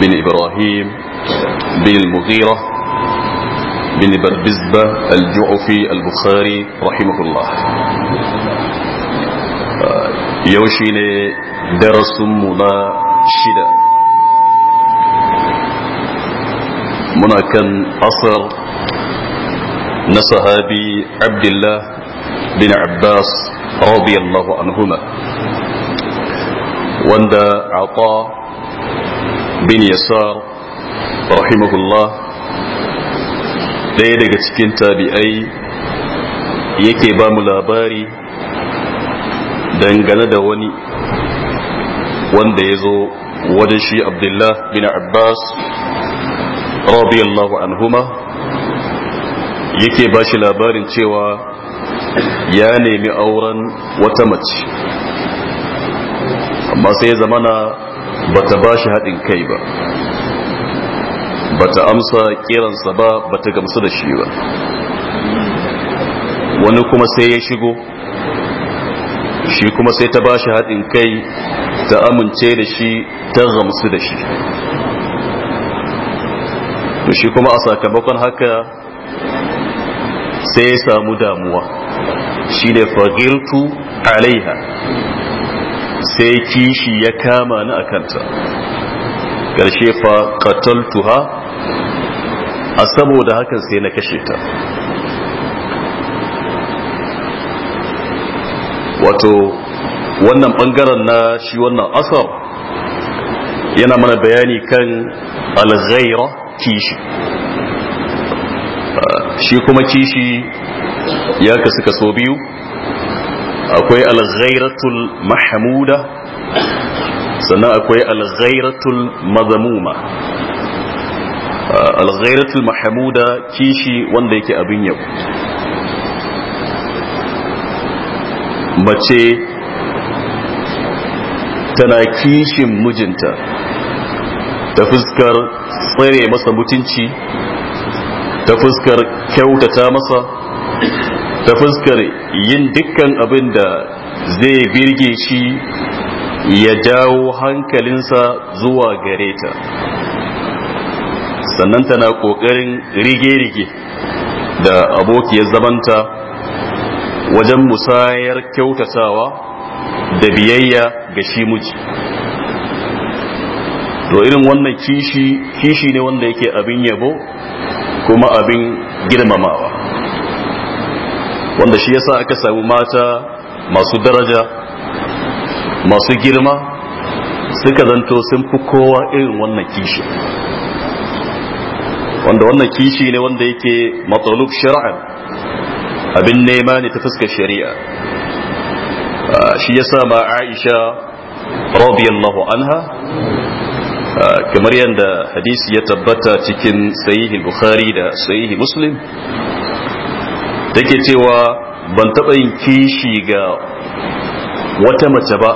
بن إبراهيم بن المغيرة بن بربزبة الجعفي البخاري رحمه الله آه، يوشين درس منا شدة منا كان أصر نصهابي عبد الله بن عباس رضي الله عنهما وند عطاء bin yasar rahimahullah ɗaya daga cikin tabi'ai yake ba mu labari dangane da wani wanda ya zo wajen shi abdullah bin abbas radiyallahu anhuma yake ba shi labarin cewa ya nemi auren wata mace amma sai zamana bata ba shi haɗin kai ba bata amsa kiransa ba bata gamsu da shi ba wani kuma sai ya shigo shi kuma sai ta ba shi haɗin kai ta amince da shi ta gamsu da shi to shi kuma a sakamakon haka sai ya samu damuwa shi ne fagiltu alaiha sai kishi ya kama ni a kanta ƙarshe fa qataltuha a saboda hakan sai na kashe ta wato wannan bangaren na shi wannan asar yana mana bayani kan alghaira kishi shi kuma kishi ya kasu kaso biyu akwai alghairatul mahmuda sannan akwai alghairatul mazamuma uh, alghairatul mahmuda kishi wanda yake abin yabo mace tana kishin mijinta ta fuskar tsere masa mutunci ta fuskar kyautata masa ta fuskar yin dukkan abin da zai birge shi ya jawo hankalinsa zuwa gare ta sannan tana ƙoƙarin rige-rige da abokiyar zamanta wajen musayar kyautatawa da biyayya ga shi miji to irin wannan kishi kishi ne wanda yake abin yabo kuma abin girmamawa wanda shi yasa aka samu mata masu daraja masu girma suka zanto sun fi kowa irin wannan kishi wanda wannan kishi ne wanda yake matsalub shari'a abin nema ne ta fuska shari'a shi yasa ma aisha radiyallahu anha kamar yadda hadisi ya tabbata cikin sahihi bukhari da sahihi muslim take cewa ban taɓa yin kishi ga wata mace ba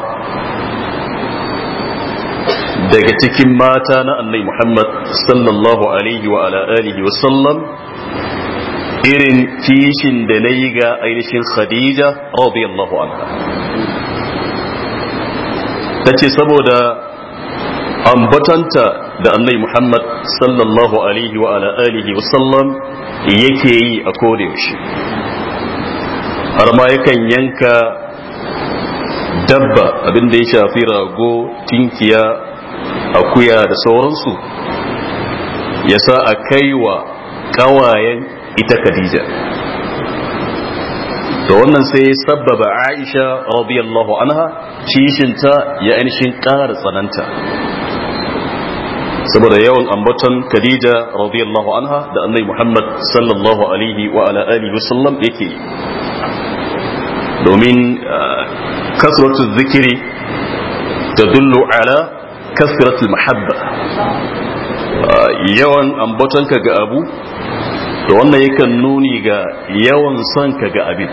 daga cikin mata na annai muhammad sallallahu alaihi wa alihi wa sallam irin kishin da na yi ga ainihin khadija radiyallahu anha ta ce saboda ambatanta da annai muhammad sallallahu alaihi wa ala alihi wa sallam yake yi a koda yaushe har ma yakan yanka dabba abinda ya shafi rago tinkiya akuya da sauransu ya sa a kai wa kawayen ita khadija da wannan sai sabbaba aisha radiyallahu anha cishinta ya ainihin ƙara tsananta saboda yawan ambaton Khadija radiyallahu anha da Annabi Muhammad sallallahu alaihi wa ala alihi wasallam yake domin uh, kasratu zikiri tadullu ala kasratu mahabba uh, yawan ambaton ka ga abu to wannan yakan nuni ga yawan son ka ga abin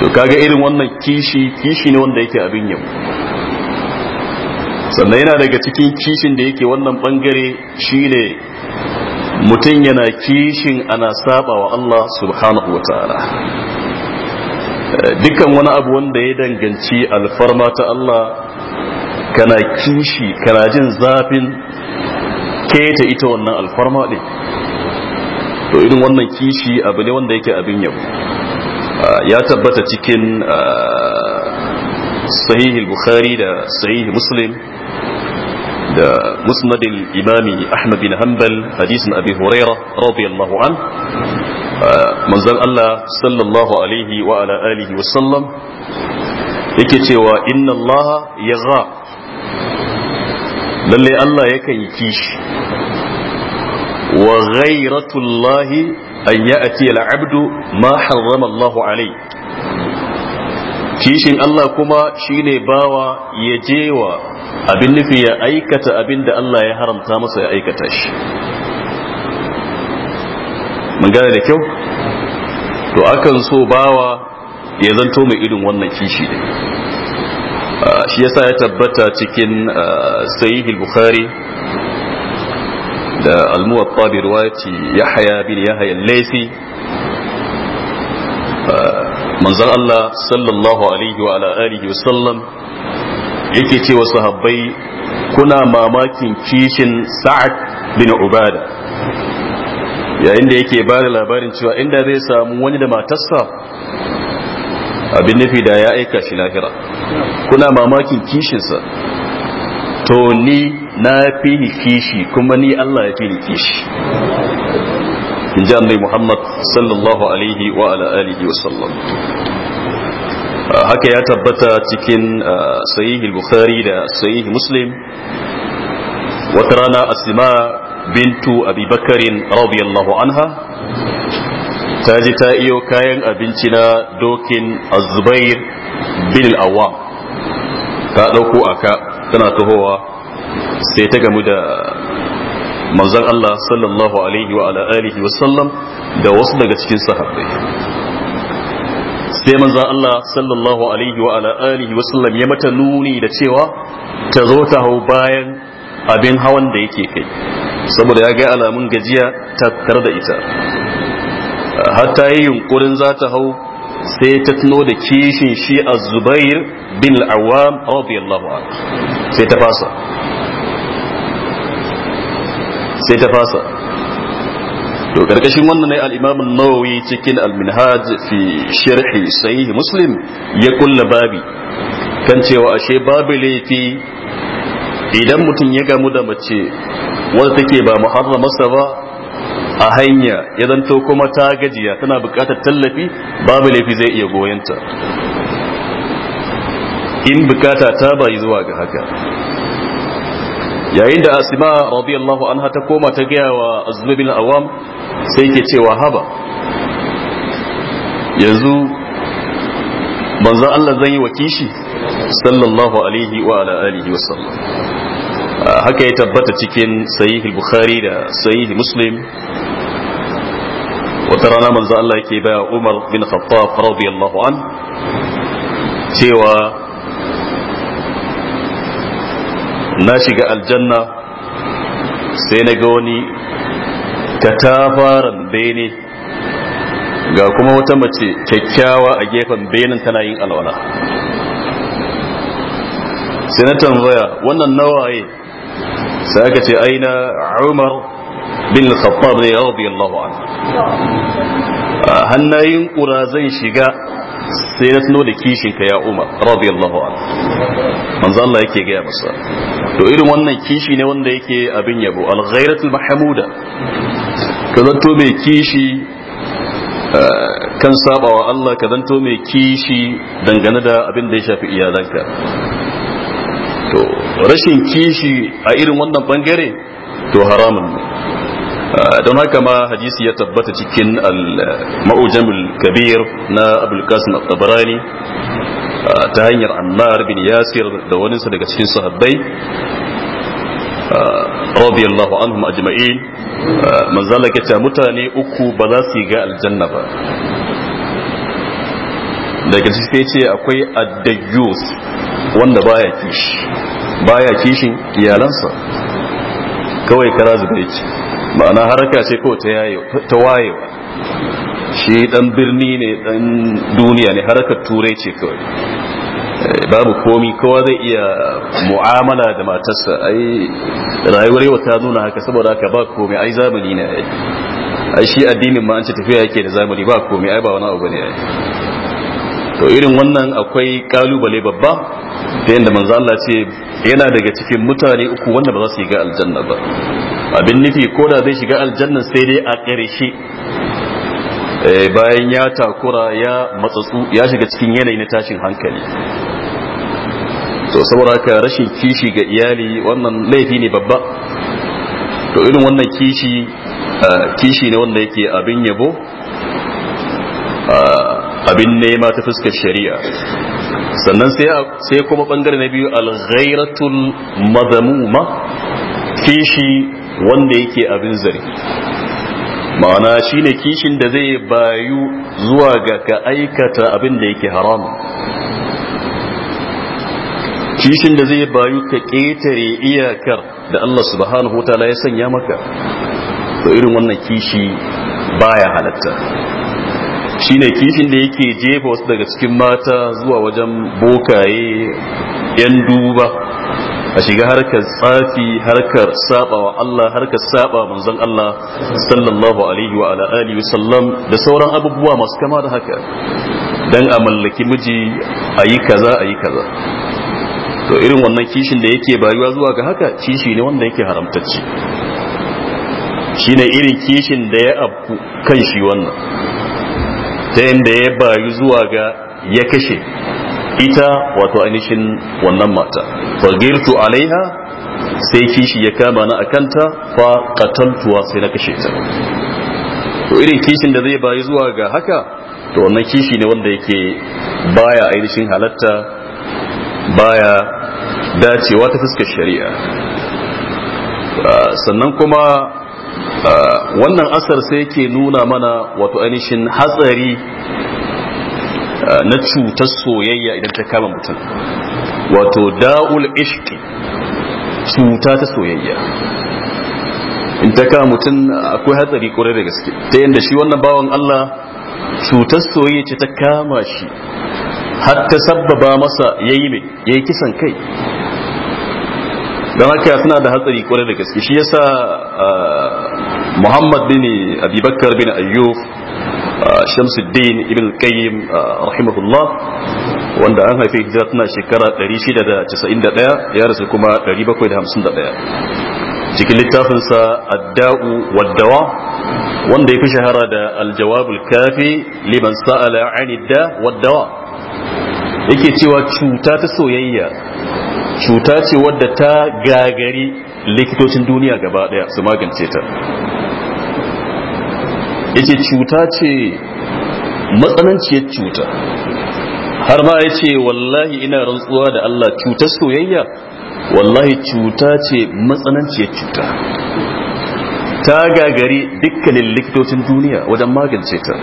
to kaga irin wannan kishi kishi ne wanda yake abin yau sannan yana daga cikin kishin da yake wannan bangare shine mutum yana kishin ana saba wa Allah subhanahu wa ta'ala dukkan wani abu wanda ya danganci alfarma ta Allah kana kishi kana jin zafin keta ita wannan alfarma ne to irin wannan kishi abu ne wanda yake abin yabo ya tabbata cikin sahihul bukhari da sahihi muslim da musnadin imami ahmad bin hambal hadisin abi huraira radiyallahu an uh, manzon Allah sallallahu alaihi wa ala alihi wa sallam yake cewa inna Allah yagha lalle Allah yakan kishi wa ghayratu Allah an ya'ti al ma harrama Allah alaihi kishin Allah kuma shine bawa ya wa. abin nufi ya aikata abin da Allah ya haramta masa ya aikata shi mun gane da kyau to akan so bawa ya zanto mai irin wannan kishi ne shi yasa ya tabbata cikin sahihul bukhari da almuwatta bi riwayati yahya bin yahya al-laysi manzon Allah sallallahu alaihi wa ala alihi wa sallam yake cewa sahabbai kuna mamakin kishin sa'ad bin ubada yayin da yake ba da labarin cewa inda zai samu wani da matarsa abin nufi da ya aika shi lahira kuna mamakin kishinsa to ni na fi ni kishi kuma ni Allah ya fi ni kishi in ji annai muhammad sallallahu alaihi wa ala alihi wa sallam haka ya tabbata cikin sahihul bukhari da sahih muslim wata rana asima bintu Abibakarin bakarin radiyallahu anha ta ji ta iyo kayan abinci na dokin azubair bin awam ta ɗauko aka tana tahowa sai ta gamu da manzon Allah sallallahu alaihi wa alihi wa sallam da wasu daga cikin sahabbai sai manzan Allah sallallahu alaihi wa ala wa ya mata nuni da cewa ta zo ta hau bayan abin hawan da yake kai saboda ya ga alamun gajiya tattare da ita hatta yi yunkurin za ta hau sai ta tuno da kishin shi a zubair bin al'awam radiyallahu anhu sai ta fasa sai ta fasa to karkashin wannan ne al-imam an-nawawi cikin al-minhaj fi sharh sahih muslim ya kulla babi kan cewa ashe babu laifi idan mutum ya gamu da mace wanda take ba muharramarsa ba a hanya ya zanto kuma ta gajiya tana buƙatar tallafi babu laifi zai iya goyonta in bukata ta bayi zuwa ga haka yayin da asima radiyallahu anha ta koma ta gaya wa azlubin awam sai ke cewa haba yanzu manzan Allah zan yi wa kishi sallallahu alaihi wa ala alihi wa sallam haka ya tabbata cikin sahihi bukhari da sahih muslim wata rana manza Allah yake baya umar bin khattab radiyallahu an cewa na shiga aljanna sai na ga wani katafaren bene ga kuma wata mace kyakkyawa a gefen benin tana yin alwala sai na tambaya wannan nawaye sai aka ce aina umar bin khattab radiyallahu anhu hannayin kura zan shiga sai na tuno da kishin ka ya umar radiyallahu anhu manzo Allah yake gaya masa to irin wannan kishi ne wanda yake abin yabo al mahmuda ka zanto mai kishi eh, kan sabawa Allah ka zanto mai kishi dangane da abin da ya shafi iyalanka to rashin kishi a irin wannan bangare to haramun Ah, don haka ma hadisi ya tabbata cikin al-ma'ujamul kabir na abul qasim tabarani ah, ta hanyar ammar bin yasir da waninsa daga cikin sahabbai ah, radiyallahu anhum ajma'in manzala ta mutane uku ba za su ga aljanna ba daga cikin ce akwai adayus wanda baya kishi baya kishin iyalansa kawai kara zubai ce ma'ana haraka ce ko ta wayewa shi dan birni ne dan duniya ne harkar turai ce kawai eh, babu komi kowa zai iya mu'amala da matarsa ai rayuwar yau ta nuna haka saboda haka ba komi ai zamani ne ai shi addinin ma an ce tafiya yake da zamani ba komi ai ba wani abu ne to irin wannan akwai kalubale babba da yanda manzo Allah ce yana daga cikin mutane uku wanda ba za su yi ga aljanna ba abin nufi ko da zai shiga aljanna sai dai a ƙarshe eh, bayan ya takura ya matsatsu ya shiga cikin yanayi na tashin hankali to saboda haka rashin kishi ga iyali wannan laifi ne babba to irin wannan kishi kishi ne wanda yake abin yabo abin nema ta fuskar shari'a sannan sai kuma bangare na biyu alghairatul mazamuma kishi wanda yake abin zargi ma'ana shine kishin da zai bayu zuwa ga ka aikata abin da yake haram kishin da zai bayu ka ƙetare iyakar da Allah subhanahu wataala ya sanya maka da irin wannan kishi baya halatta shine kishin da yake jefa wasu daga cikin mata zuwa wajen bokaye 'yan duba a shiga harkar tsafi harkar sabawa Allah harkar saba manzon Allah sallallahu alaihi wa ala alihi sallam da sauran abubuwa masu kama da haka dan a mallaki miji ayi kaza ayi kaza to irin wannan kishin da yake bayuwa zuwa ga haka kishi ne wanda yake haramtacce shine irin kishin da ya abu kan shi wannan ta yadda ya bayu zuwa ga ya kashe ita wato ainihin wannan mata fagirtu alaiha sai kishi ya kama na akanta fa qataltuwa sai na kashe ta to irin kishin da zai bayi zuwa ga haka to wannan kishi ne wanda yake baya ainihin halatta baya dacewa ta fuskar shari'a ah, sannan kuma ah, wannan asar sai yake nuna mana wato ainihin hatsari na cutar soyayya idan ta kama mutum wato da'ul ishki cuta ta soyayya in ta kama mutum akwai hatsari kore da gaske ta yadda shi wannan bawan Allah cutar soyayya ce ta kama shi har ta sabbaba masa ya yayi mai yi kisan kai don haka suna da hatsari kore da gaske shi yasa ah, Muhammad bin Abubakar bin Ayyuf. shamsuddin ibn qayyim rahimahullah wanda an haife hijira tana shekara 691 ya rasu kuma 751 cikin littafinsa adda'u waddawa wanda ya fi shahara da aljawabul kafi liman sa'ala anidda waddawa yake cewa cuta ta soyayya cuta ce wadda ta gagari likitocin duniya gaba daya su magance ta yace cuta ce matsananciyar cuta har ma ya ce wallahi ina rantsuwa da Allah cutar soyayya wallahi cuta ce matsananciyar cuta ta gagari dukkanin likitocin duniya wajen magance ta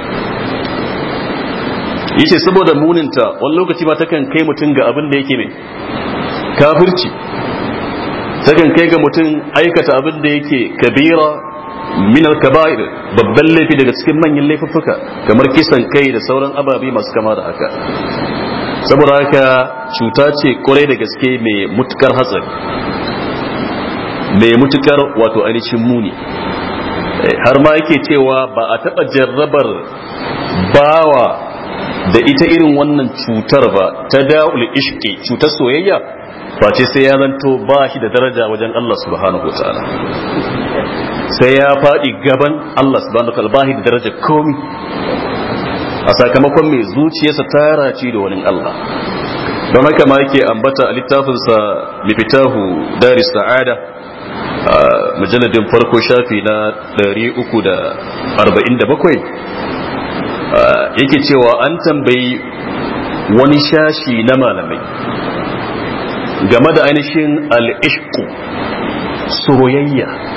yace saboda muninta wani lokaci ma takan kai mutum ga abin da yake ne kafirci takan kai ga mutum aikata abin da yake kabira min al-kaba'ir babban laifi daga cikin manyan laifuffuka kamar kisan kai da sauran ababe masu kama da haka saboda haka cuta ce kwarai da gaske mai mutukar hatsari mai mutukar wato ainihin muni eh, har ma yake cewa ba a taɓa jarrabar bawa da ita irin wannan cutar ba ta da'ul ishki cutar soyayya face sai ya zanto ba shi da daraja wajen Allah subhanahu wa sai ya faɗi gaban Allah subhanahu wa ta'ala da daraja komi a sakamakon mai zuciyarsa tara ci da wani Allah don haka ma yake ambata a littafinsa mifitahu dari sa'ada a Majaladin farko shafi na 347 yake cewa an tambayi wani shashi na malamai game da ainihin al'ishku soyayya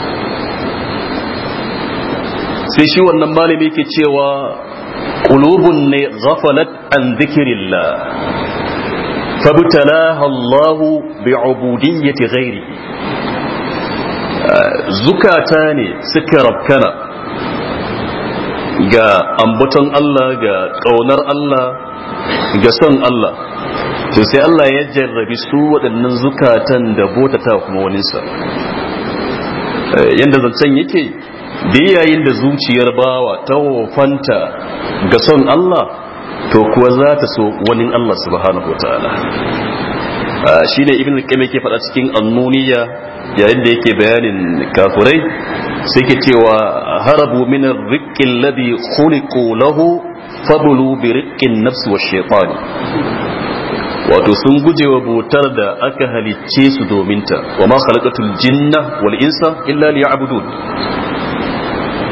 sai shi wannan malami ke cewa qulubun ne ghafalat an dhikrillah fabtalaha Allah ubudiyyati ghairi zukata ne suka rabkana ga ambaton Allah ga kaunar Allah ga son Allah to sai Allah ya jarrabi su waɗannan zukatan da botata kuma waninsa eh, yanda zancen yake yayin da zuciyar bawa ta wofanta ga son Allah to kuwa za ta so wani Allah subhanahu ta'ala shi ne ibn al-qayyim yake faɗa cikin annuniya yayin da yake bayanin kafurai sai ke cewa harabu min ar-riqqi alladhi khuliqu lahu fabulu bi riqqin nafs wa shaytan wato sun guje wa da aka halicce su domin ta wa ma khalaqatul jinna wal insa illa liya'budun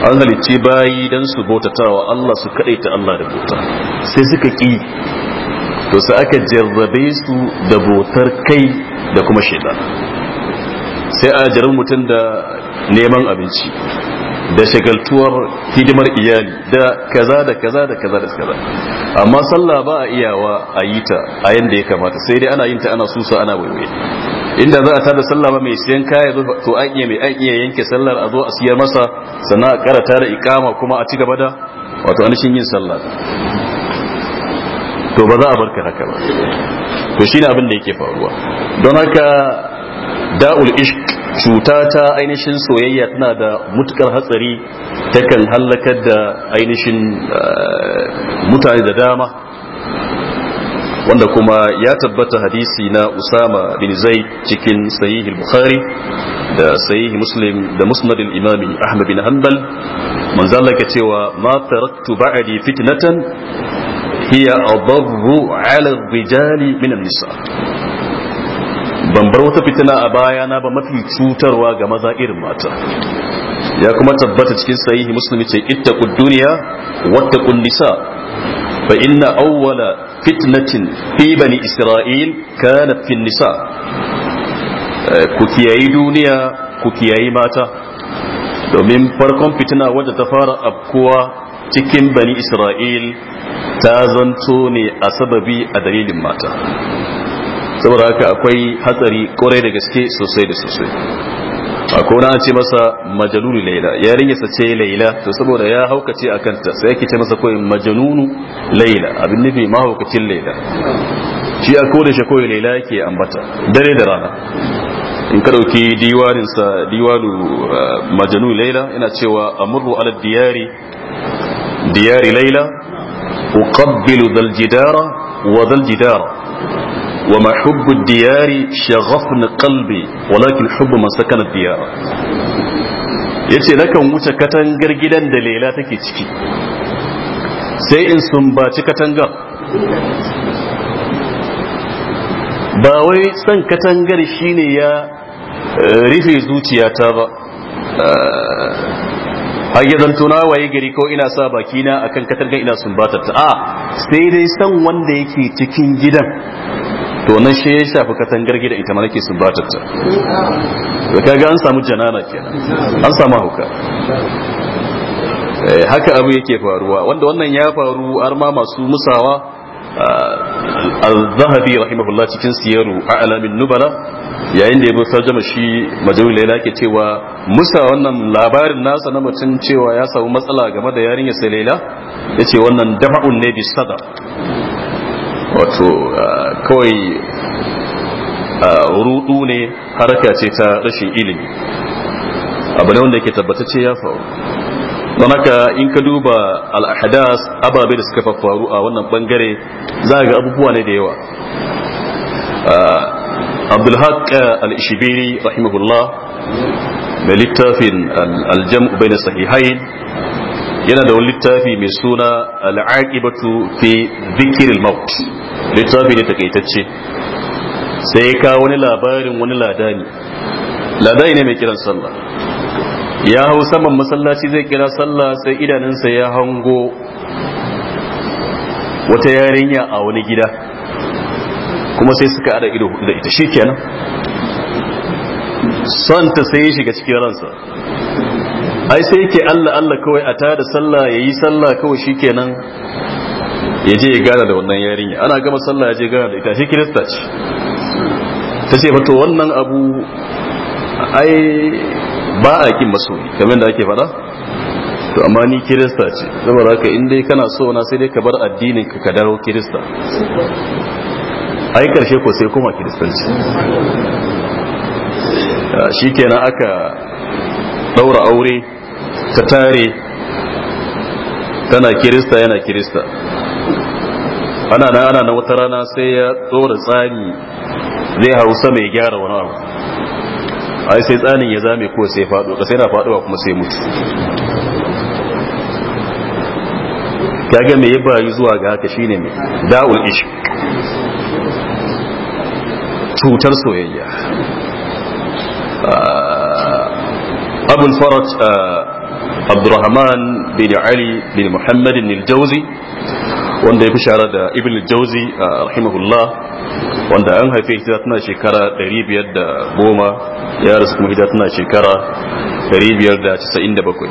an halicci bayi don su bautatawa Allah su ta Allah da bauta sai suka ƙi to sai aka jarrabe su da bautar kai da kuma shaida sai a jarin mutum da neman abinci da shagaltuwar hidimar iyali da kaza da kaza da kaza da kaza amma sallah ba a iyawa a yi ta a yanda ya kamata sai dai ana yin ta ana susa ana waiwai inda za a tada sallah ba mai siyan kaya to an iya mai an iya yanke sallar a zo a siyar masa sannan a karata da ikama kuma a ci gaba da wato anishin yin sallah to ba za a barka haka ba to shine abin da yake faruwa don haka da'ul ishq cuta ta ainihin soyayya tana da mutukar hatsari takan hallakar da ainihin eh, mutane da dama wanda kuma ya tabbata hadisi na usama bin zaid cikin sahih bukhari da sahih muslim da musnad al-imam ahmad bin hanbal manzo Allah cewa ma taraktu ba'di fitnatan hiya adarru 'ala ar-rijali min an-nisa ban bar wata fitina a baya na ba mafi cutarwa ga maza irin mata ya kuma tabbata cikin sahihi muslimi ce ittaqud dunya wattaqun nisa fa inna awwala fitnatin fi bani isra'il kana fin nisa eh, ku kiyayi duniya ku kiyayi mata domin farkon fitina wanda ta fara afkuwa cikin bani isra'il ta zanto ne a sababi a dalilin mata saboda haka akwai hatsari kwarai da gaske sosai da sosai a kona ce masa majalulu laila yarin yasa ce laila to saboda ya haukace a kanta sai yake ce masa koyi majalulu laila abin nufi mahaukacin laila shi a kone shi koyi laila yake ambata dare da rana in ka dauki diwaninsa diwanu eh, majalulu laila yana cewa amurru ala diyari diyari laila uqabbilu dal jidara wa dal jidara Wa حب diyari شغفن kalbi walakin حب من سكن yace nakan wuce katangar gidan da Laila take ciki sai in sumbaci katangar ba wai san katangar shine ya eh, rufe zuciyata ba eh, har zanto na waye gari ko ina sa bakina akan katangar ina sumbatar ta a ah, sai dai san wanda yake cikin gidan to wannan shi ya shafi katangar gida ita malaki sun ba ta da kaga an samu janana kenan an samu hauka eh, haka abu yake faruwa wanda wannan ya faru har ma masu musawa ah, al-zahabi rahimahullah cikin siyaru a alamin nubala yayin da ya bar tarjama shi majalul laila ke cewa musa wannan labarin nasa na mutum cewa ya samu matsala game da yarinya sai laila yace wannan dafa'un ne bi sada wato kawai rudu ne haraka ce ta rashin ilimi abu ne wanda ke tabbatacce ya faru don haka in ka duba al'adas ababe da suka faru a wannan bangare za ga abubuwa ne da yawa abdulhaq al-ishibiri rahimahullah mai littafin aljam'u bai sahihain yana da wani littafi mai suna al'aqibatu fi dhikril maut littafi ne takaitacce sai ya kawo wani labarin wani ladani ladani ne mai kiran sallah ya hau saman masallaci zai kira sallah sai idanunsa ya hango wata yarinya a wani gida kuma sai suka ada ido da ita kenan son ta sai ya shiga cikin ransa ai sai yake Allah Allah kawai a tada sallah yayi sallah kawai shikenan ya je ya gana da wannan yarinya ana gama sallah ya je gana da ita shi kirista ce ta ce to wannan abu ai ba a kin masoyi kamar da ake fada to amma ni kirista ce saboda haka in dai kana so na sai dai ka bar addinin ka ka dawo kirista ai karshe ko sai kuma kiristanci shikenan aka daura aure ta tare tana kirista yana kirista ana nan ana nan wata rana sai ya tsora tsani zai hausa mai gyara wani abu ai sai tsanin ya zame ko sai faɗo ka sai na faɗuwa kuma sai mutu ga me yaba yi zuwa ga haka shine mai da'ul ish cutar soyayya ah, abul farat. Ah, عبد الرحمن بن علي بن محمد الجوزي wanda ya fi shara da ibn jauzi a uh, rahimahullah wanda an haife hijira tana shekara 510 ya rasu kuma hijira tana shekara 597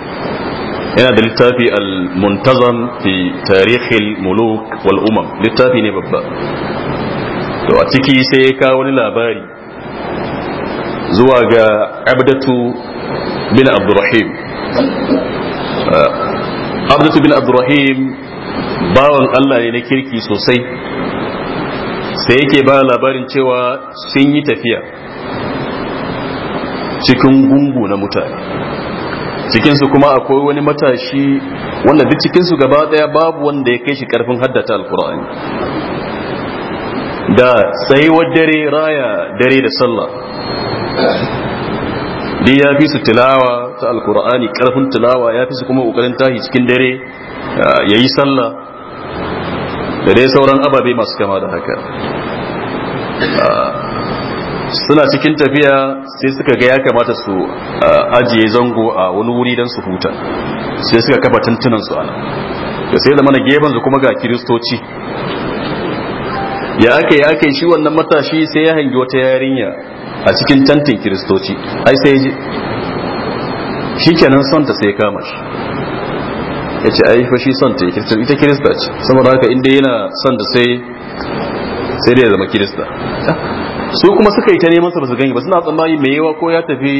yana da littafi al-muntazam fi tarihil muluk wal umam littafi ne babba to a ciki sai ya kawo wani labari zuwa ga abdatu bin abdurrahim Eh, abdus bin abdurrahim bawan allah ne na kirki sosai sai yake ba labarin cewa sun yi tafiya cikin gungu na mutane cikinsu kuma akwai wani matashi wanda duk cikinsu gaba daya babu wanda ya kai shi karfin haddata alkur'ani da tsayuwar dare raya dare da sallah duk ya fi su tilawa ta alkur'ani karfin tilawa ya fi su kuma kokarin tashi cikin dare ya yi sallah da dai sauran ababe masu kama da haka suna cikin tafiya sai suka ga ya kamata su ajiye zango a wani wuri don su huta sai suka kafa tuntunan su ana da sai da mana gefen su kuma ga kiristoci ya aka yi aka yi shi wannan matashi sai ya hangi wata yarinya a cikin tantin kiristoci ai sai ji shikenan son ta sai kama shi ya ce ai fa shi son ta ita kirista ce saboda haka inda yana son ta sai sai dai ya zama kirista su kuma suka yi ta neman sa ba su gani ba suna tsammani mai yawa ko ya tafi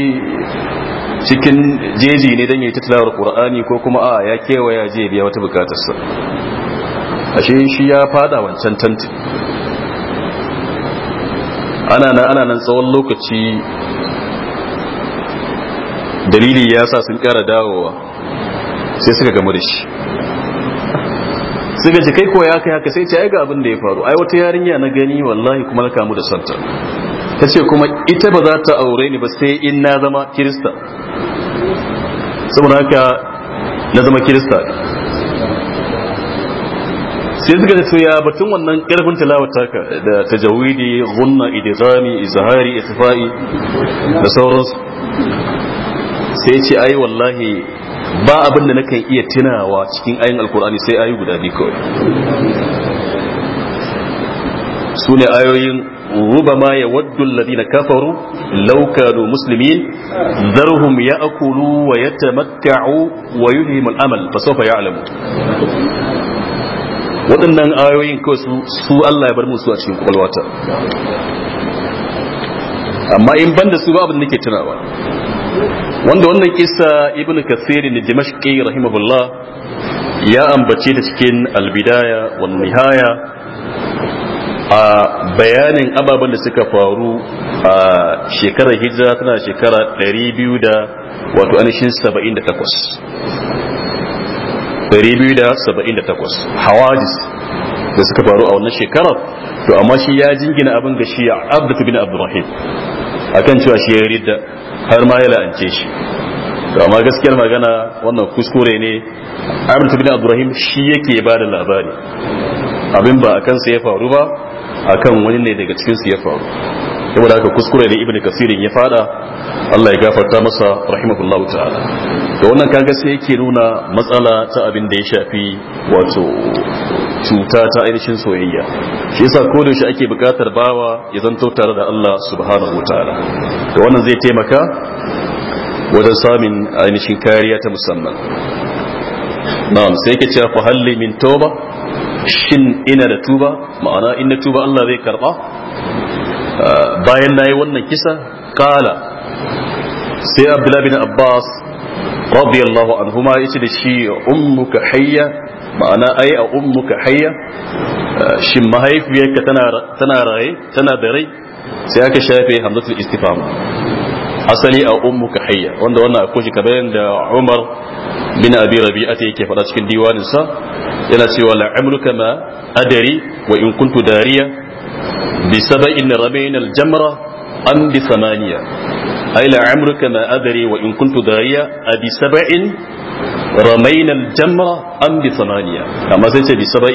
cikin jeji ne don ya yi tilawar qur'ani ko kuma a ya kewaya je biya wata bukatarsa ashe shi ya fada wancan tantin ana nan ana nan tsawon lokaci dalili ya sa sun kara dawowa sai suka gamu da shi suka ce kai ko ya kai haka sai ce ai ga abin da ya faru ai wata yarinya na gani wallahi kuma na kamu da santa ta ce kuma ita ba za ta aure ni ba sai in na zama kirista saboda haka na zama kirista sai suka ce ya batun wannan karfin tilawata ka da tajawidi gunna idigami izhari ittifai da sauransu sai ce ai wallahi ba abin da nakan iya tunawa cikin ayin alkur'ani sai ayu guda biyu kawai su ne ayoyin ربما يود الذين كفروا لو كانوا مسلمين ذرهم يأكلوا ويتمتعوا ويلهم الأمل فسوف يعلموا waɗannan ayoyin ko su Allah ya bar musu a cikin kwalwata amma in ban da su ba abin da nake tunawa wanda wannan kisa ibn kasiri ne dimashqi rahimahullah ya ambace da cikin albidaya wa nihaya a bayanin ababen da suka faru a shekarar hijira tana shekara 200 da wato anishin 78 278 hawajis da suka faru a wannan shekarar to amma shi ya jingina abin da shi abdu bin abdurrahim akan cewa shi ya ridda har ma ya la'ance shi to amma gaskiyar magana wannan kuskure ne abdu bin abdurrahim shi yake ba da labari abin ba akan sa ya faru ba akan wani ne daga cikin su ya faru saboda haka kuskure ne ibnu kasirin ya fada Allah ya gafarta masa rahimahullahu ta'ala to wannan kaga sai yake nuna matsala ta abin da ya shafi wato cuta ta ainihin soyayya shi yasa ko da shi ake bukatar bawa ya zanto tare da Allah subhanahu ta'ala. to wannan zai taimaka wajen samun ainihin kariya ta musamman na'am sai yake cewa fa halli min toba shin ina da tuba ma'ana in na tuba Allah zai karba bayan na yi wannan kisa kala sai abdullahi bin abbas radiyallahu anhuma yace da shi ummuka hayya ma'ana ai a ummuka hayya shi mahaifiyarka tana tana raye tana da rai sai aka shafe hamzatul istifham asali a ummuka hayya wanda wannan akwai shi kamar da Umar bin Abi Rabi'a ta yake faɗa cikin diwanin sa yana cewa la'amruka ma adari wa in kuntu dariya بسبع رمينا الجمرة أم بثمانية أي لعمرك ما أدري وإن كنت داريا أبسبع رمينا الجمرة أم بثمانية أما سيتي بسبع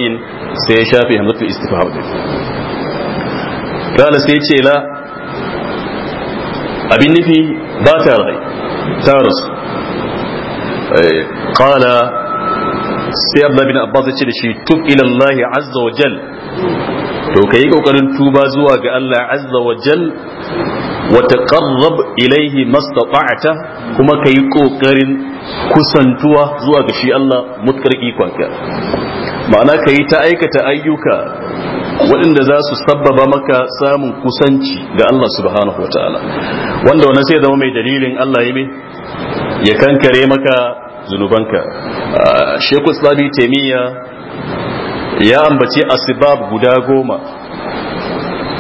سيشافي همزة الاستفهام قال سيتي لا أبي nufi ba ta rai ta rasu kala sai abu شي تب إلى الله عز وجل to kai kokarin tuba zuwa ga Allah azza wa jal wa taqarrab ilayhi mastata'ta kuma kai kokarin kusantuwa zuwa ga shi Allah mutkar kwanka. ma'ana kai ta aikata ayyuka waɗanda za su sabbaba maka samun kusanci ga Allah subhanahu wataala wanda wannan sai zama mai dalilin Allah ya ya kankare maka zunubanka ah, shekul islami taimiyya ya ambaci asibab guda goma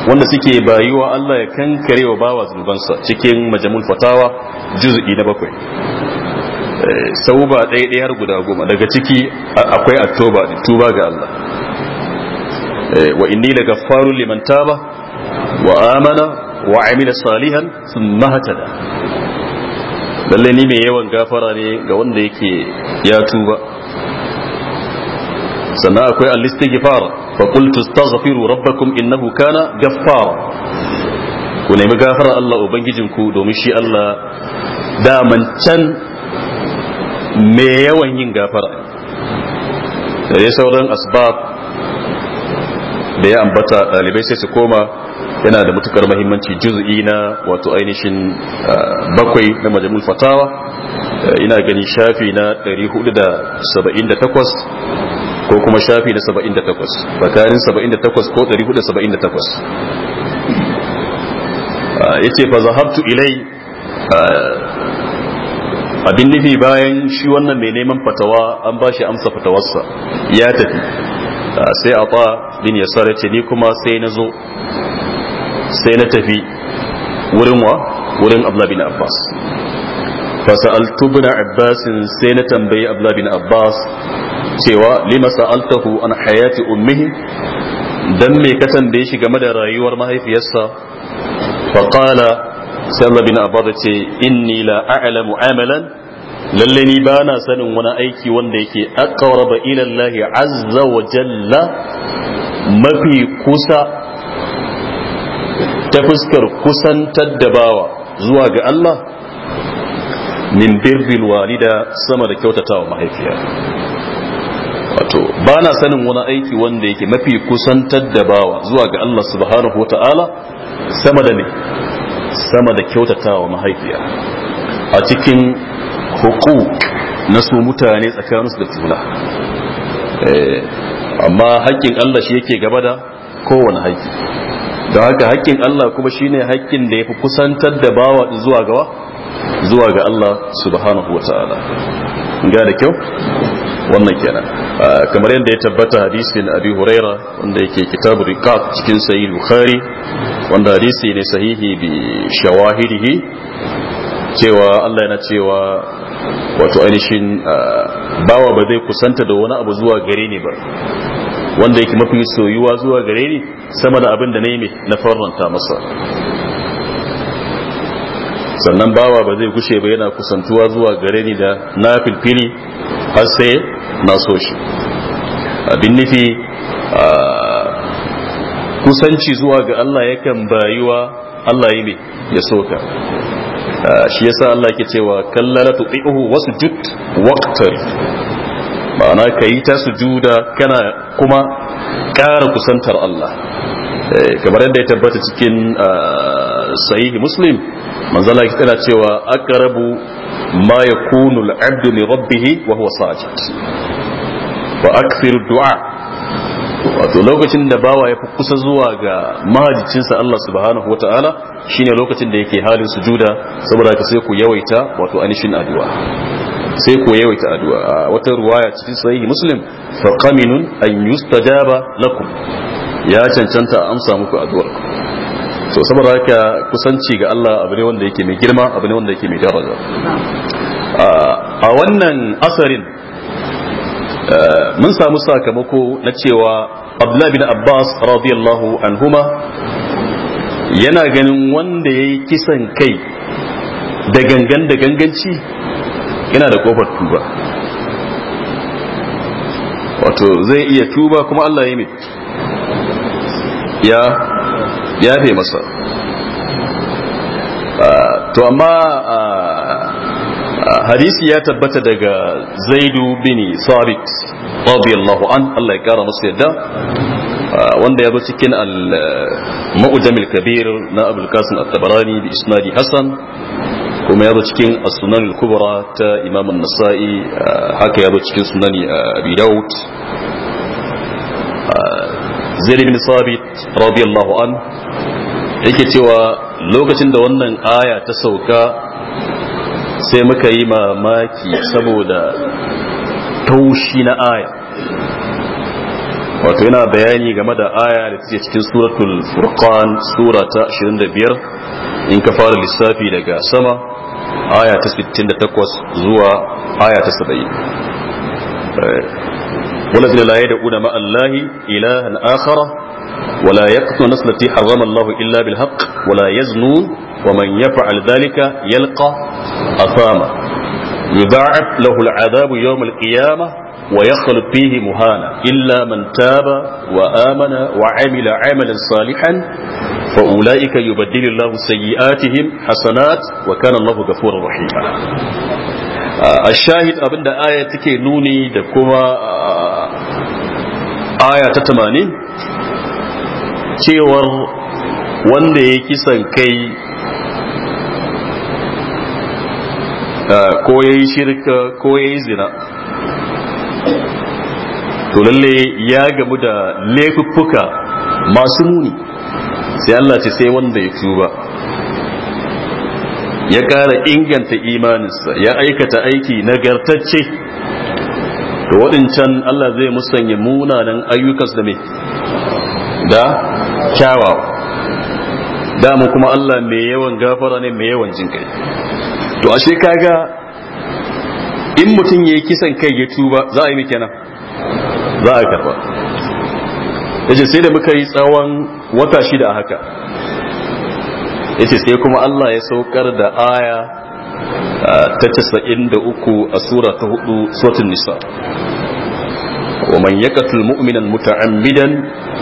wanda suke bayuwa Allah ya kankare wa bawa zunubansa cikin majamul fatawa juz'i na bakwai eh, Sau ba ɗaya ɗaya har guda goma daga ciki akwai atoba tuba ga Allah eh, wa inni da gafarun limanta ba wa amana wa amina salihan mahata da lalle ni mai yawan gafara ne ga wanda yake ya tuba sannan akwai al-istighfar fa qul tastaghfiru rabbakum innahu kana ghaffara ku nemi gafarar Allah ku domin shi Allah daman can me yawan yin gafara da ya sauran asbab da ya ambata ɗalibai sai su koma yana da matukar mahimmanci juzu'i na wato ainihin ah, bakwai na majamul fatawa eh, ina gani shafi na 478 ko kuma shafi na 78 tsakanin 78 ko 478 ah, yace fa zahabtu ilai ah, abin nufi bayan shi wannan mai neman fatawa an ba shi amsa fatawarsa ya tafi ah, sai a ba bin ya ce ni kuma sai na zo sai na tafi wurin wa wurin abla bin abbas fasa'altu bin abbas sai na tambayi abla bin abbas cewa lima sa'altahu an hayati ummihi dan me ka tambaye shi game da rayuwar mahaifiyarsa fa qala sallallahu bin abada ce inni la a'lamu amalan lalle ni ba na sanin wani aiki wanda yake aqraba ila Allah azza wa jalla mafi kusa ta fuskar kusantar da bawa zuwa ga Allah min birbin walida sama da kyautatawa mahaifiya to ba na sanin wani aiki wanda yake mafi kusantar da bawa zuwa ga Allah subhanahu wata'ala sama da ne sama da kyautatawa mahaifiya a cikin hukun na su mutane tsakaninsu da juna eh, amma haƙƙin Allah shi yake gaba da kowane haƙƙi da haka haƙƙin Allah kuma shi ne haƙƙin da ya fi kusantar da bawa zuwa gawa zuwa ga Allah subhanahu wa ta'ala ga da kyau wannan kenan kamar yadda ya tabbata hadisin abi huraira wanda yake kitabu riqaq cikin sahih bukhari wanda hadisi ne sahihi bi shawahidihi cewa Allah yana cewa wato ainihin bawa ba zai kusanta da wani abu zuwa gare ni ba wanda yake mafi soyuwa zuwa gare ni sama da abin da na yi na farranta masa sannan bawa ba zai kushe ba yana kusantuwa zuwa gare ni da na filfili har sai na so shi abin nufi kusanci zuwa ga Allah yakan bayuwa Allah yi ne ya soka shi yasa Allah ke cewa kallala tuqihu wasjud waqtar ma'ana kayi ta sujuda kana kuma ƙara kusantar Allah eh, kamar yadda ya tabbata cikin sahihi muslim manzala ki tana cewa aqrabu ma yakunu al-'abdu li rabbih wa huwa sajid wa akthir du'a wato lokacin da bawa ya fi kusa zuwa ga mahajicinsa Allah subhanahu ta'ala shine lokacin da yake halin sujuda saboda ka sai ku yawaita wato anishin addu'a sai ku yawaita addu'a wata ruwaya cikin sahihi muslim faqaminun an yustajaba lakum ya cancanta amsa muku addu'ar so saboda haka kusanci ga Allah abu ne wanda yake mai girma abu ne wanda yake mai daraja ah, a wannan asarin eh, mun samu sakamako na cewa Abdullah bin Abbas radiyallahu anhuma yana ganin wanda ya yi kisan kai da gangan da ganganci yana da kofar tuba wato zai iya tuba kuma Allah ya yi ya yafe masa ah, to amma ah, hadisi ya tabbata daga zaidu bin sabit radiyallahu an Allah ya kara masa yadda ah, wanda ya zo cikin al kabir na abul qasim at-tabarani bi isnadi hasan kuma ya zo cikin as-sunan al-kubra ta imam an-nasa'i haka ya zo cikin sunani abi daud zaid bin sabit radiyallahu an yake cewa lokacin da wannan aya ta sauka sai muka yi mamaki saboda taushi na aya wato yana bayani game da aya da take cikin suratul furqan sura ta 25 in ka fara lissafi daga sama aya ta 68 zuwa aya ta 70 eh, wala la yad'una ma'allahi ilahan akhara ولا يقتل نفس التي حرم الله إلا بالحق ولا يزنون ومن يفعل ذلك يلقى أثاما يضاعف له العذاب يوم القيامة ويخلق فيه مهانا إلا من تاب وآمن وعمل عملا صالحا فأولئك يبدل الله سيئاتهم حسنات وكان الله غفورا رحيما آه، الشاهد أبن آية تكي نوني دكما آه، آية 80 cewar wanda ya kisan kai ko ya yi shirka ko ya yi zina to lalle ya gamu da laifuffuka masu muni sai Allah ce sai wanda ya tuba ya ƙara inganta imaninsa ya aikata aiki nagartacce to waɗancan Allah zai musanya munanan ayyukas da me da kyawawa damu kuma Allah mai yawan gafara ne mai yawan jin kai to ashe kaga in mutum ya yi kisan kai ya tuba za a yi nan? za a karba yace sai da muka yi tsawon wata shida a haka yace sai kuma Allah ya saukar da aya ah, ta 93 a sura ta 4 suratul nisa ومن يقتل مؤمنا متعمدا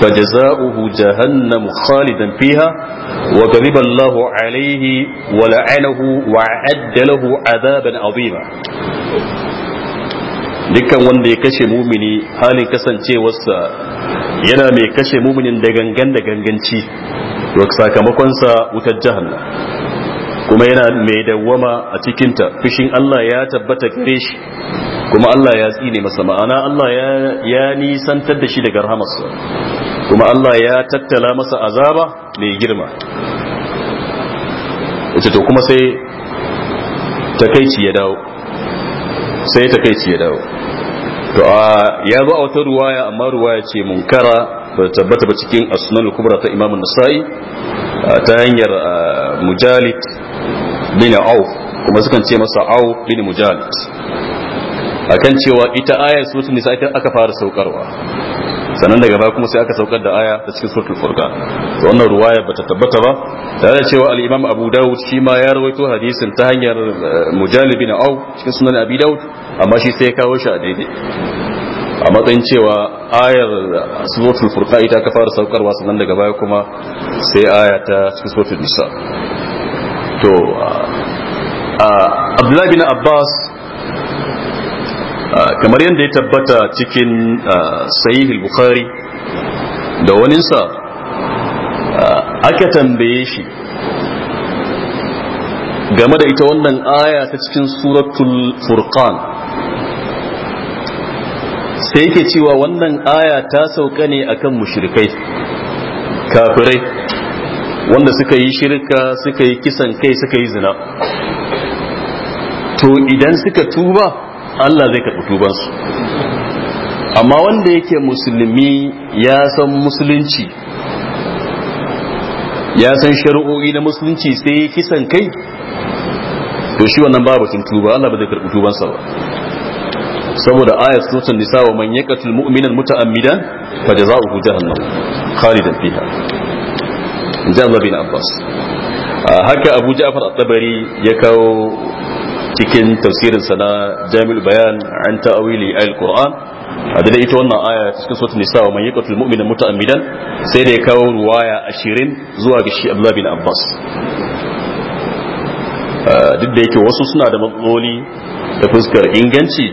فجزاؤه جهنم خالدا فيها وغضب الله عليه ولعنه وعد له عذابا عظيما dukkan wanda ya kashe mumini halin kasancewarsa yana mai kashe muminin da gangan da ganganci to sakamakonsa wutar jahannam kuma yana mai dawwama a cikinta fushin Allah ya tabbata gare shi kuma Allah ya tsine masa ma'ana Allah ya nisantar da shi daga rahamarsa kuma Allah ya tattala masa azaba mai girma ita to kuma sai takaici ya dawo sai takaici ya dawo to a ya zo a wata ruwaya amma ruwaya ce munkara ba ta tabbata ba cikin asunan kubra ta imamun nasa'i ta hanyar mujalid bin au kuma sukan ce masa au bin mujahid akan cewa ita ayar suratul nisa ita aka fara saukarwa sannan daga baya kuma sai aka saukar da aya ta cikin suratul furqan to wannan ruwaya bata tabbata ba tare da cewa al-imam abu dawud shi ma ya rawaito hadisin ta hanyar eh, mujalib bin au cikin sunan abi dawud amma shi sai ya kawo shi a daidai a matsayin cewa ayar eh, suratul furqan ita aka fara saukarwa sannan daga baya kuma sai aya ta cikin suratul nisa to abdullahi bin abbas ah, kamar yadda ya tabbata cikin ah, sahih bukhari da waninsa ah, aka tambaye shi game da ita wannan aya ta cikin suratul furqan sai yake cewa wannan aya ta sauka ne akan mushrikai kafirai wanda suka yi shirka suka yi kisan kai suka yi zina to idan suka tuba Allah zai karɓi tubansu amma wanda yake musulmi ya san musulunci ya san shari'o'i na musulunci sai ya kisan kai to shi wannan ba batun tuba Allah ba zai karɓi tubansa ba saboda ayat suratul nisa wa man yaqtul mu'minan muta'ammidan fa jazaohu jahannam khalidan fiha inja Allah bin Abbas ah, haka Abu Ja'far at-Tabari ya kawo cikin tafsirin sa na Jamil Bayan an ta'awili al-Qur'an a da ita wannan aya cikin sura nisa wa man yaqtul mu'mina muta'ammidan sai da ya kawo ruwaya 20 zuwa ga shi Abdullah bin Abbas duk da yake wasu suna da matsaloli da fuskar inganci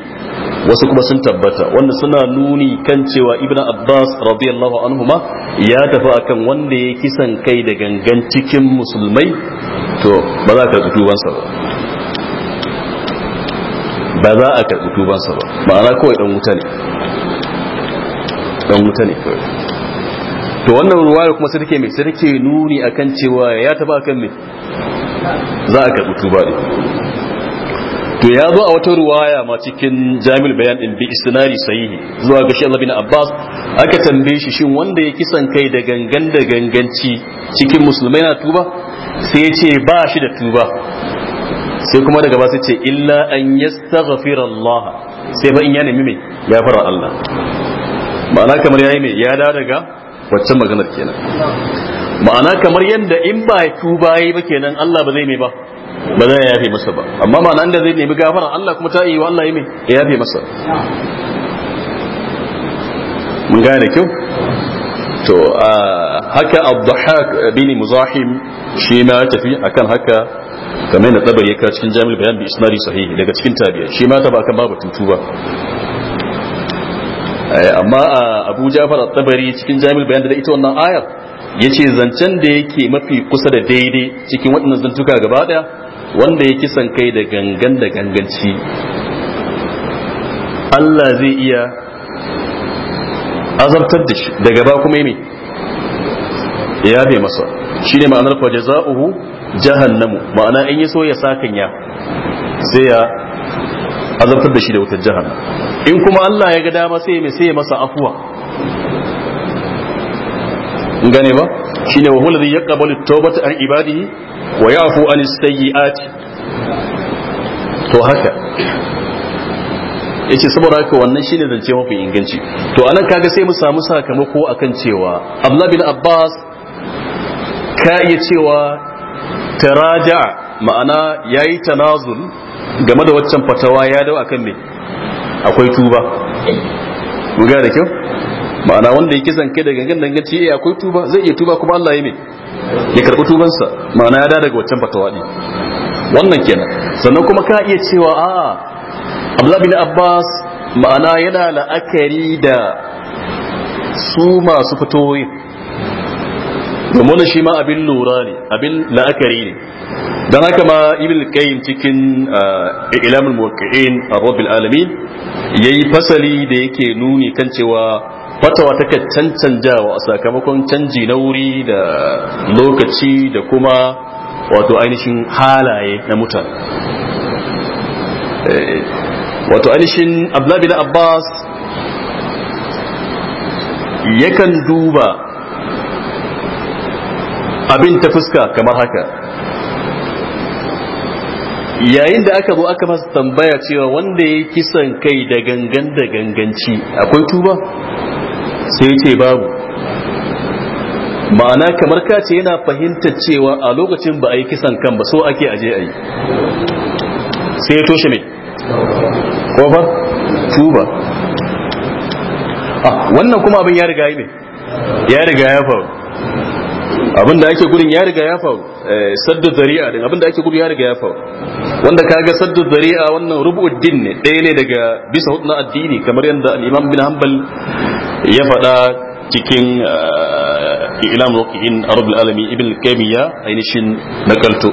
wasu kuma sun tabbata wanda suna nuni kan cewa ibn abbas radiyallahu anhuma ya tafi akan wanda ya kisan kai da gangan cikin musulmai to ba za ka sa ba ba za a karɓi tubansa ba ma'ana kawai dan wuta ne ɗan wuta ne kawai to wannan ruwaya kuma sai take mai sai take nuni akan cewa ya taba akan me za a karɓi tuba ne to ya zo a wata ruwaya ma cikin jami'ul bayan din bi isnari sahihi zuwa ga shi bin Abbas aka tambaye shi shin wanda ya kisan kai da gangan da ganganci cikin musulmai na tuba sai ya ce ba shi da tuba sai kuma daga ba sai ce illa an yastaghfir Allah sai ba in ya nemi mai fara Allah ma'ana kamar yayi mai ya da daga waccan maganar kenan ma'ana kamar yadda in ba ya tuba yi ba kenan Allah ba zai mai ba ba zai yafe masa ba amma ma'ana da zai nemi gafara Allah kuma ta yi wa Allah ya mai ya yafe masa mun gane kyau to haka abdullahi bin muzahim shi ma tafi akan haka kamar na tabari ya cikin jami'ar bayan bi isnari sahihi daga cikin tabiya shi ma ka ba kan babu tutu ba eh, amma a ah, abu jafar tabari cikin jami'ar bayan da ita wannan ayar ya ce zancen da yake mafi kusa da daidai cikin waɗannan zantuka gaba ɗaya wanda ya kisan kai da gangan da ganganci Allah zai iya azabtar da shi daga ba kuma ne ya bai masa shi ne ma'anar fa jaza'uhu jahannamu ma'ana in yi so ya ya sai ya azabtar da shi da wutar jahannam in kuma Allah ya ga dama sai mai sai masa afuwa in gane ba shine wa huwa ya kabali tobat an ibadi wa ya afu an sayyi'ati to haka yace saboda haka wannan shine zance mafi inganci to anan kaga sai mu samu sakamako akan cewa Abdullah bin Abbas ka iya cewa taraja ma'ana yayi tanazul game da waccan fatawa ya dawo akan me akwai tuba mun da kyau ma'ana wanda ya kisan kai da gangan danganci eh akwai tuba zai iya tuba kuma Allah ya me ya karbi tubansa ma'ana ya dawo daga waccan fatawa din wannan kenan sannan kuma ka iya cewa a Abdullah bin Abbas ma'ana yana la'akari da su masu fitowi domin wannan shi ma abin lura ne abin la'akari ne don haka ma ibn qayyim cikin eh, ilamul muwaqqi'in rabbil alamin yayi fasali da yake nuni kan cewa fatawa take cancanjawa a sakamakon canji na wuri da lokaci da kuma wato ainihin halaye na mutane eh, wato ainihin abdullahi bin abbas yakan duba abin ta fuska kamar haka yayin da aka zo aka masa tambaya cewa wanda ya kisan kai da gangan da ganganci akwai tuba sai ce babu ma'ana kamar ka ce yana fahimtar cewa a lokacin ba a yi kisan kan ba so ake aje a yi sai ya toshe mai ba? tuba ah, wannan kuma abin ya riga yi ne ya riga ya faru abin da ake gudun ya riga ya faru eh, sadda zari'a din abin da ake gudun ya riga ya faru wanda kaga sadda zari'a wannan din ne ɗaya ne daga bisa hudu na addini kamar yadda al-imam bin hanbal ya faɗa cikin eh, ilam waqi'in arab alami ibn kemiya ainihin nakalto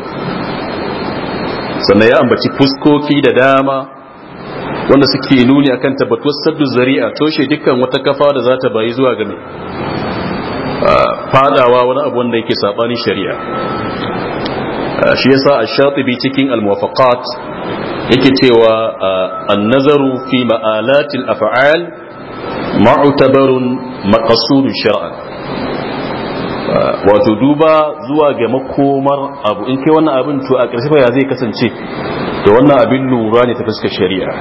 sannan ya ambaci fuskoki da dama wanda suke nuni akan tabbatuwar saddu zari'a toshe dukkan wata kafa da za ta bayi zuwa ga fadawa wani abu wanda yake saɓanin shari'a shi yasa ash-shatibi cikin al-muwafaqat yake cewa an-nazaru fi ma'alati al-af'al ma'tabarun maqsud shar'a wato duba zuwa ga makomar abu in kai wannan abin to a ƙarshe fa ya zai kasance da wannan abin lura ne ta fuskar shari'a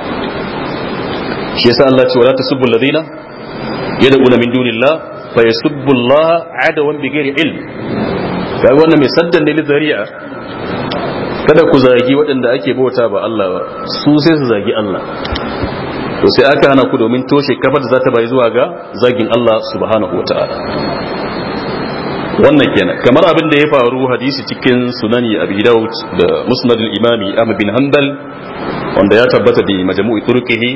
shi yasa Allah ce wala tasubbu alladhina yad'una min dunillah fa yasubbu Allah adawan bi ilm kai wannan mai saddan ne zari'a kada ku zagi waɗanda ake bauta ba Allah ba su sai su zagi Allah to sai aka hana ku domin toshe kafar da za ta bai zuwa ga zagin Allah subhanahu wa ta'ala wannan kenan kamar abin da ya faru hadisi cikin sunani abi daud da musnad al-imami ahmad bin hanbal wanda ya tabbata da majmu'i turkihi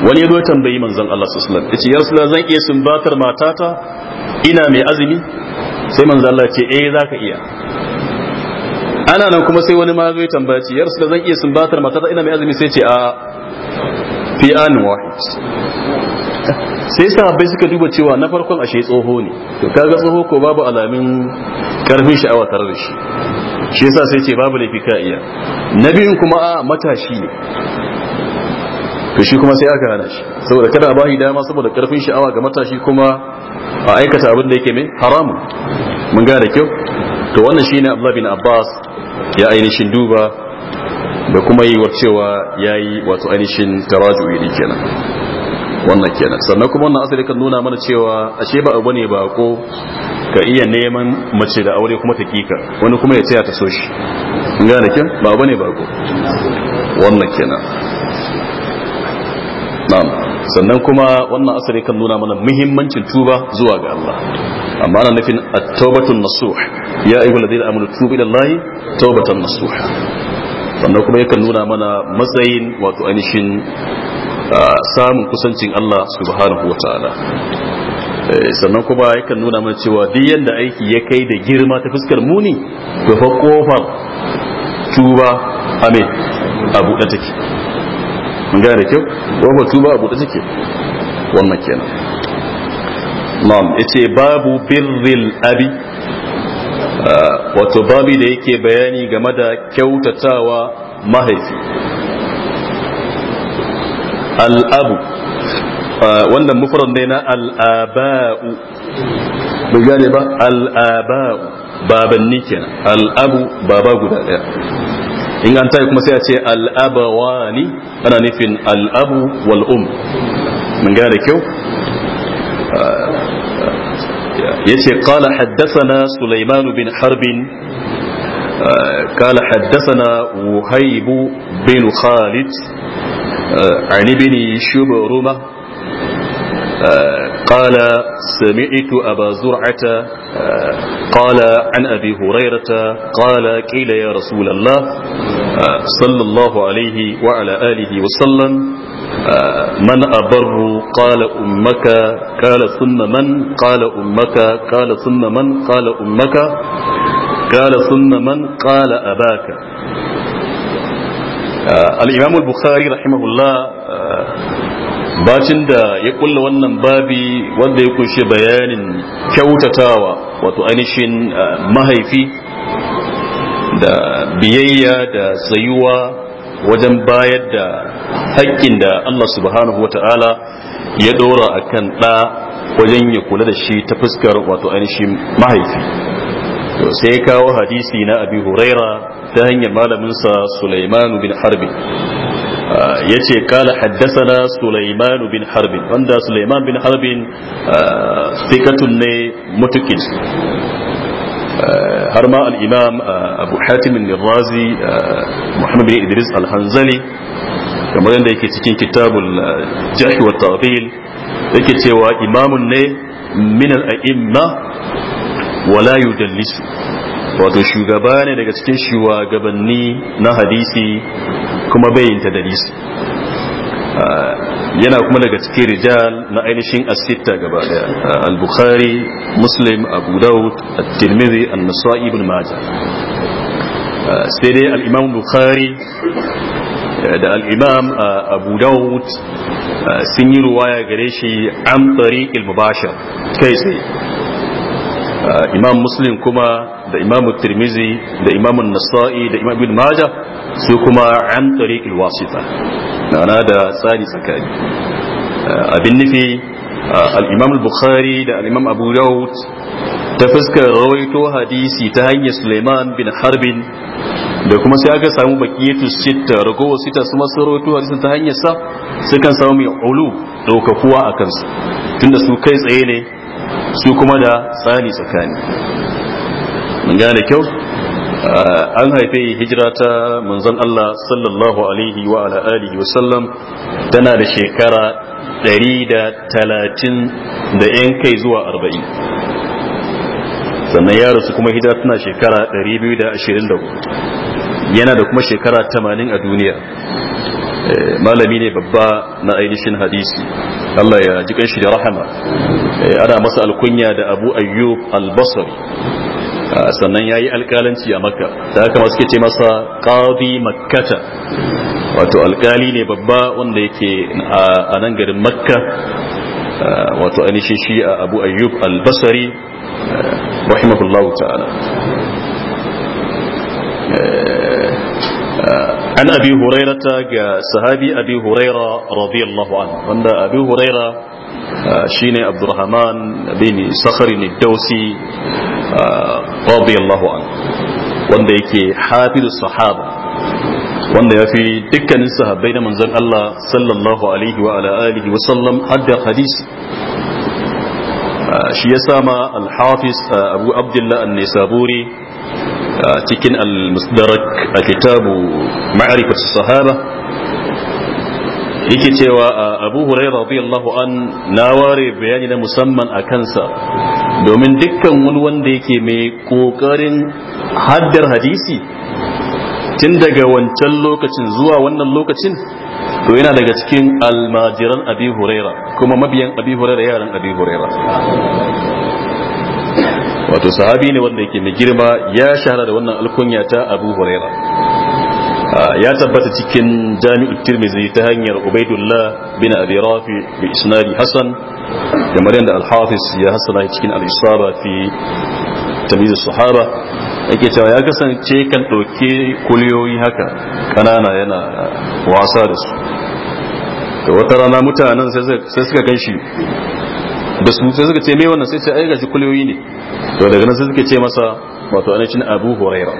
wani ya zo tambayi manzon Allah sallallahu alaihi wasallam yace ya rasulullah zan iya sumbatar matata ina mai azumi sai manzon Allah ce eh zaka iya ana nan kuma sai wani ma zo ya tambaya ce ya rasulullah zan iya sumbatar matata ina mai azumi sai ce a fi an wahid sai sa bai suka duba cewa na farkon ashe tsoho ne to kaga tsoho ko babu alamin karfin sha'awa tare da shi shi yasa sai ce babu laifi ka iya na biyun kuma a matashi ne to shi kuma sai aka hana shi saboda kada a bashi dama saboda karfin sha'awa ga matashi kuma a aikata abin da yake mai haramun mun gane kyau to wannan shine Abdullah bin Abbas ya ainihin duba da kuma yi cewa yayi wato ainihin taraju'i din kenan wannan kenan sannan kuma wannan asali kan nuna mana cewa ashe ba abu ne ba ko ka iya neman mace da aure kuma ta kika wani kuma ya tsaya ta so shi gane kyan ba abu ne ba ko wannan kenan na'am sannan kuma wannan asari kan nuna mana muhimmancin tuba zuwa ga Allah amma ana nufin at-tawbatun nasuh ya ayyuhal ladina amanu tubu ila Allah tawbatan nasuh sannan kuma yakan nuna mana matsayin wato ainihin samun kusancin Allah subhanahu wataala eh, sannan kuma yakan nuna mana cewa duk yanda aiki ya kai da girma ta fuskar muni to fa kofar tuba amin a buɗe take mun gane da kyau kuma tuba a buɗe take wannan kenan na'am yace babu birril abi ah, wato babi da yake bayani game da kyautatawa mahaifi al'abu ah, wannan mufarar ne na al'aba'u bai gane ba al'aba'u babanni kenan al'abu baba guda daya in an tayi kuma sai a ce al'abawani ana nufin al'abu wal'um mun gane kyau ah, yace qala haddathana Suleiman bin harbin قال حدثنا وهيب بن خالد عن ابن شبرمة قال سمعت أبا زرعة آه، قال عن أبي هريرة قال قيل يا رسول الله آه، صلى الله عليه وعلى آله وسلم آه، من أبر قال أمك قال ثم من قال أمك قال ثم من قال أمك قال ثم من قال أباك الإمام البخاري رحمه الله bacin da ya kulla wannan babi wanda ya kunshi bayanin kyautatawa wato ainihin ah, mahaifi da biyayya da tsayuwa wajen bayar da haƙƙin da Allah subhanahu wa ta'ala ya ɗora a kan ɗa wajen ya kula da shi ta fuskar wato ainihin mahaifi sai kawo hadisi na abi huraira ta hanyar malaminsa suleiman bin harbi yace kala haddathana Suleiman bin Harbin wanda Sulaiman bin Harbin. thiqatun ne mutukin har ma al-Imam Abu hatimin al Muhammad bin Idris al-Hanzali kamar yadda yake cikin kitabul Jarh wa yake cewa imamun ne min al-a'imma wala yudallisu wato shugaba ne daga cikin shugabanni na hadisi kuma bayin tadalisi ah, yana kuma daga cikin rijal na ainihin asitta gaba daya ah, al-bukhari muslim abu daud at-tirmidhi an-nasa'i ibn majah ah, sai dai al-imam bukhari eh, da al-imam abu daud sun yi ruwaya gare shi an tariq al-mubashir kai sai imam muslim kuma da imam at-tirmidhi da imam an-nasa'i da imam ibn majah sai kuma an tariqil na na da tsari tsakani eh, abin nufi eh, al'imam bukhari da al'imam imam abu daud ta fuskar rawaito hadisi ta hanyar suleiman bin harbin da kuma sai aka samu bakiyatu sita ragowar sita su masu rawaito hadisin ta hanyar sa sukan samu mai ulu ɗaukakuwa a kansu tunda su kai tsaye ne su kuma da tsani tsakani mun gane kyau Uh, an haife hijira ta manzon Allah sallallahu alaihi wa ala alihi wa sallam tana da shekara 130 da yan kai zuwa 40 sannan ya rasu kuma hijira tana shekara 224 yana da kuma shekara 80 a duniya eh, malami ne babba na ainihin hadisi Allah ya ji shi da rahama eh, ana masa alkunya da abu ayyub al-basri sannan ya yi alkalanci a makka ta haka masu ce masa qadi makkata wato alkali ne babba wanda yake a nan garin makka wato ainihin shi a abu ayyub albasari rahimahullahu ta'ala an abi hurairata ga sahabi abi huraira radiyallahu anhu wanda abi huraira shine abdurrahman bin sakhari ne رضي الله عنه wanda yake hafizu sahaba wanda ya fi dukkanin sahabbai da manzon Allah sallallahu alaihi wa ala alihi wa sallam hadda hadis shi ya sama al-hafiz abu abdullah an-nisaburi cikin al-musdarak a kitabu ma'rifatu sahaba yake cewa abu huraira radiyallahu an na ware bayani na musamman a kansa domin dukkan wani wanda yake mai kokarin haddar hadisi tun daga wancan lokacin zuwa wannan lokacin to yana daga cikin almajiran abi huraira kuma mabiyan abi huraira yaran abi huraira wato sahabi ne wanda yake mai girma ya shahara da wannan alkunya ta abu huraira ya tabbata cikin jami'ut tirmizi ta hanyar ubaidullah bin abi rafi bi isnadi hasan da maryam da al-hafiz ya hasana cikin al-isaba fi tamyiz sahaba yake cewa ya kasance kan ɗauke kuliyoyi haka kanana yana wasa da su da wata rana mutanen sai suka gan shi da su sai suka ce mai wannan sai ce ai shi kuliyoyi ne to daga nan sai suka ce masa wato anacin abu huraira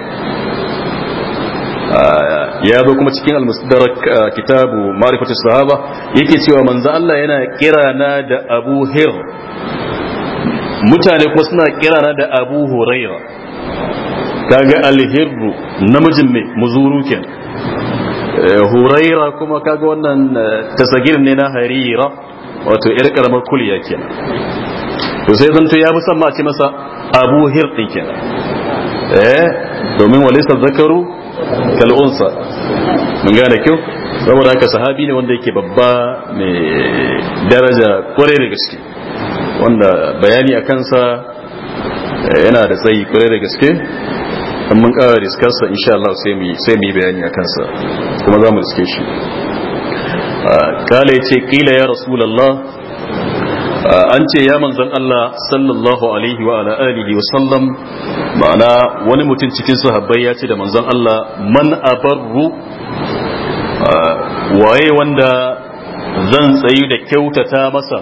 ya zo kuma cikin almustadrak kitabu ma'rifatu sahaba yake cewa manzo Allah yana kirana da Abu Hir mutane kuma suna kirana da Abu Huraira kaga al-Hir namijin mai muzuru ken huraira kuma kaga wannan tasagir ne na harira wato yar karamar kuliya kenan to sai zanto ya musamman ce masa abu hirɗin kenan eh domin walisa zakaru kal'unsa mun gane kyau saboda haka sahabi ne wanda yake babba mai daraja kwarai da gaske wanda bayani a kansa eh, yana da tsayi kwarai da gaske an mun kara riskarsa insha Allah sai mu yi bayani a kansa kuma za mu riske shi ah, kala ya ce kila ya rasulallah Uh, an ce ya manzan Allah sallallahu alaihi wa ala alihi wa sallam ma'ana wani mutum cikin sahabbai ya ce da manzan Allah man abarru uh, waye wanda zan tsayu da kyautata masa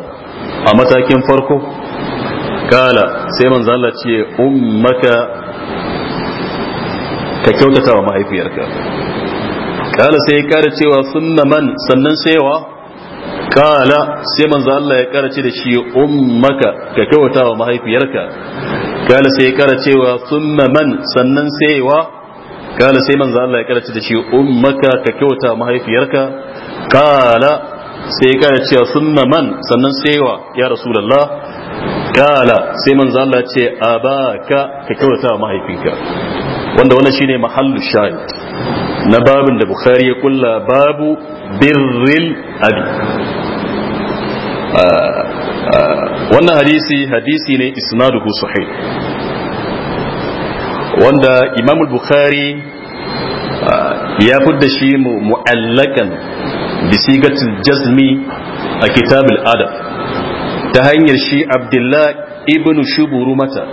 a matakin farko kala sai manzan Allah ce ummaka ka kyautata wa mahaifiyarka kala sai ya kara cewa sunna man sannan sai wa kala sai manzo Allah ya karace da shi ummaka ka kyauta wa mahaifiyarka kala sai ya karace wa thumma man sannan sai wa kala sai manzo Allah ya karace da shi ummaka ka kyauta wa mahaifiyarka kala sai ya karace wa thumma man sannan sai wa ya rasulullah kala sai manzo Allah ya ce abaka ka kyauta wa mahaifinka wanda wannan shine mahallu shahid na babin da bukhari ya kulla babu birril abi ah, ah, wannan hadisi hadisi ne isnaduhu sahih wanda imamul bukhari ah, ya fudda shi mu'allakan bisigatul jazmi a kitabul adab ta hanyar shi abdullah ibnu shuburu mata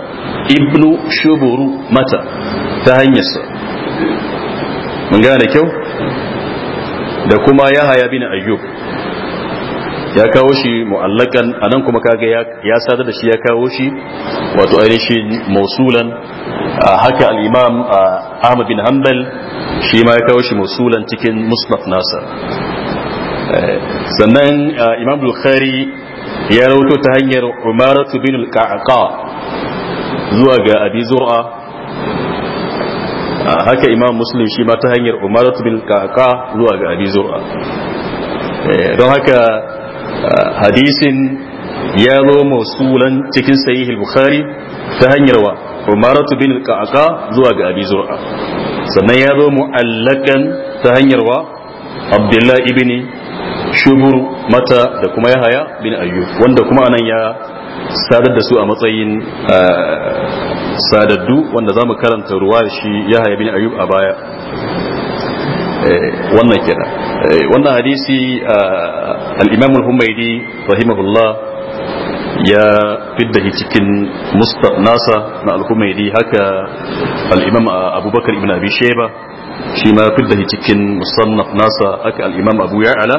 ibn shuburu mata ta hanyarsa mun gane kyau da kuma ya haya bin ayyub ya kawo shi mu'allakan anan kuma kaga ya sadar da shi ya kawo shi wato ainihin mausulan haka al-imam Ahmad bin Hanbal shi ma ya kawo shi mausulan cikin musnad nasa eh, sannan imam Bukhari ya rawato ta hanyar Umaratu bin al-Qa'qa zuwa ga Abi Zur'a haka imam muslim shi ma ta hanyar umaratu bin kaka zuwa ga abi zur'a eh, don haka hadisin ya zo sulan cikin sahih bukhari ta hanyar wa umaratu bin kaka zuwa ga abi zur'a sannan ya zo mu'allakan ta hanyar wa abdullahi ibn shubur mata da kuma yahaya bin ayyub wanda kuma anan ya sadar da su a matsayin sadaddu wanda za mu karanta ruwa shi ya bin ayyub a baya eh, wannan kenan eh, wannan hadisi al-imam al-humaydi rahimahullah ya fidda shi cikin mustad nasa na al-humaydi haka al abubakar ibn abi shayba shi ma fidda shi cikin musannaf nasa haka al abu ya'ala